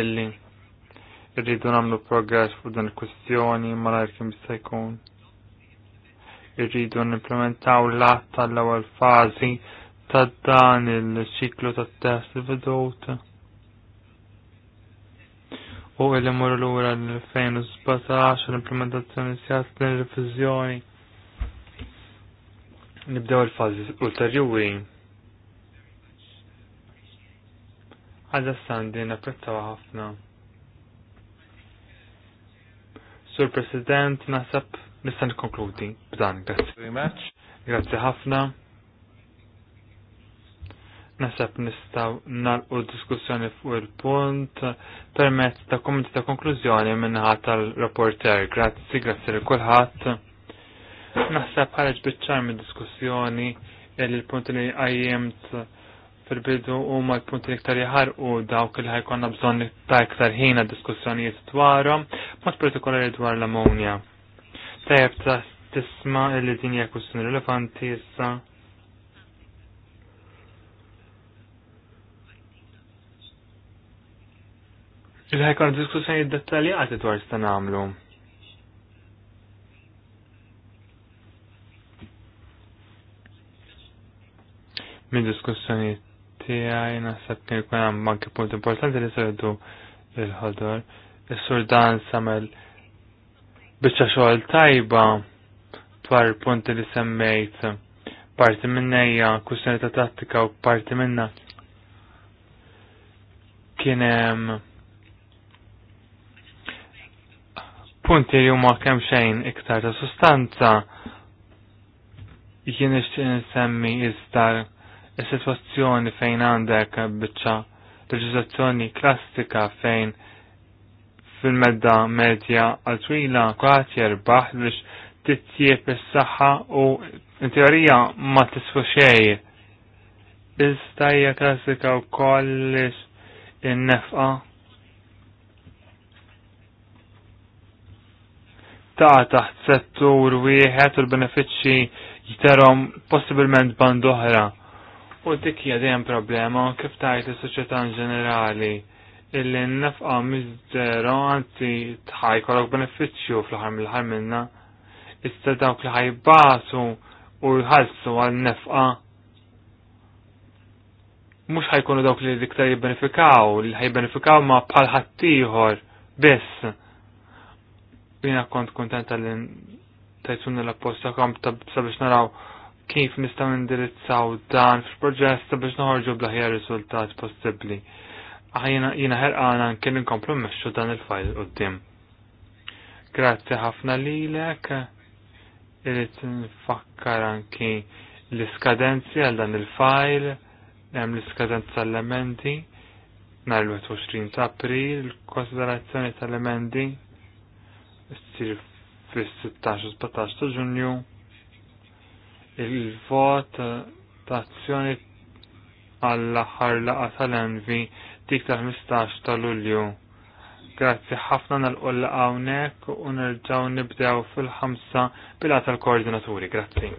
illi irridu nagħmlu progress fuq dan il ma l kemm jista' jkun. Irridu nimplementaw l-att tal-ewwel fażi ta' dan il-ċiklu tat-test li vedut U illi mmorru lura l-2017 l-implementazzjoni sijat l refizjoni nibdew il-fazi ulterjuri. Għadda s-sandi napprettaw ħafna. Sur President, nasab nista' nikkonkludi b'dan, grazzi. Very much. Grazzi ħafna. Nasab nistaw nalqu diskussjoni fuq il-punt permezz ta' kommenti ta' konklużjoni minnaħat tal-rapporter. Grazzi, grazzi li kulħadd. Naħseb ħareġ biċċar minn diskussjoni li l-punti li għajjemt fil-bidu u ma l-punti li ktar u dawk li ħajkonna bżon ta' iktar ħina diskussjonijiet dwarhom, mat partikolari dwar l ammonia Tajab ta' tisma' li din hija kwistjoni rilevanti issa. Il-ħajkon diskussjoni dettaljati dwar sta' għamlu. minn diskussjoni tiegħi naħseb kien ikun hemm anke punt importanti li sardu il-ħodor. Is-sur dan samel biċċa xogħol tajba dwar punti li semmejt parti minnejja kwistjoni ta' tattika u parti minna kien hemm punti li huma kemm xejn iktar ta' sustanza jien nixtieq insemmi iżdar is-sitwazzjoni fejn għandek biċċa leġiżlazzjoni klassika fejn fil-medda medja għal twila kwati jerbaħ biex titjieb is-saħħa u in-teorija ma tisfu xej. Iżda hija klassika wkoll in-nefqa' ta' taħt settur wieħed u l-benefiċċji jiterom possibilment band oħra u dik hija dejjem problema kif tajt is-soċjetà ġenerali illi nafqa miż-żero anzi tħajkolok benefiċċju fl-ħar mill-ħar minna. Issa dawk li ħajbasu u jħallsu għal nefqa mhux ħajkunu dawk li diktar jibbenefikaw, li ħajbenefikaw ma bħal ħaddieħor biss. Jiena kont kuntenta li tajtuni l-apposta kom sabiex naraw kif nistaw indirizzaw dan fil proġesta biex noħorġu blaħja riżultat possibbli. Jina ħerqana kien inkomplu mmexxu dan il-fajl qudiem. Grazzi ħafna lilek, irrid nfakkar anki l-iskadenzi għal dan il-fajl, hemm l-iskadenza tal-elementi nhar il-21 ta' April, il-konsiderazzjoni tal-elementi ssir fis-16 17 ta' Ġunju il-vot ta' azzjoni għall-aħħar laqa tal-envi dik tal-15 ta' Lulju. Grazzi ħafna nal-qolla hawnhekk u nerġa'w nibdew fil-ħamsa bilata tal-koordinaturi. Grazzi.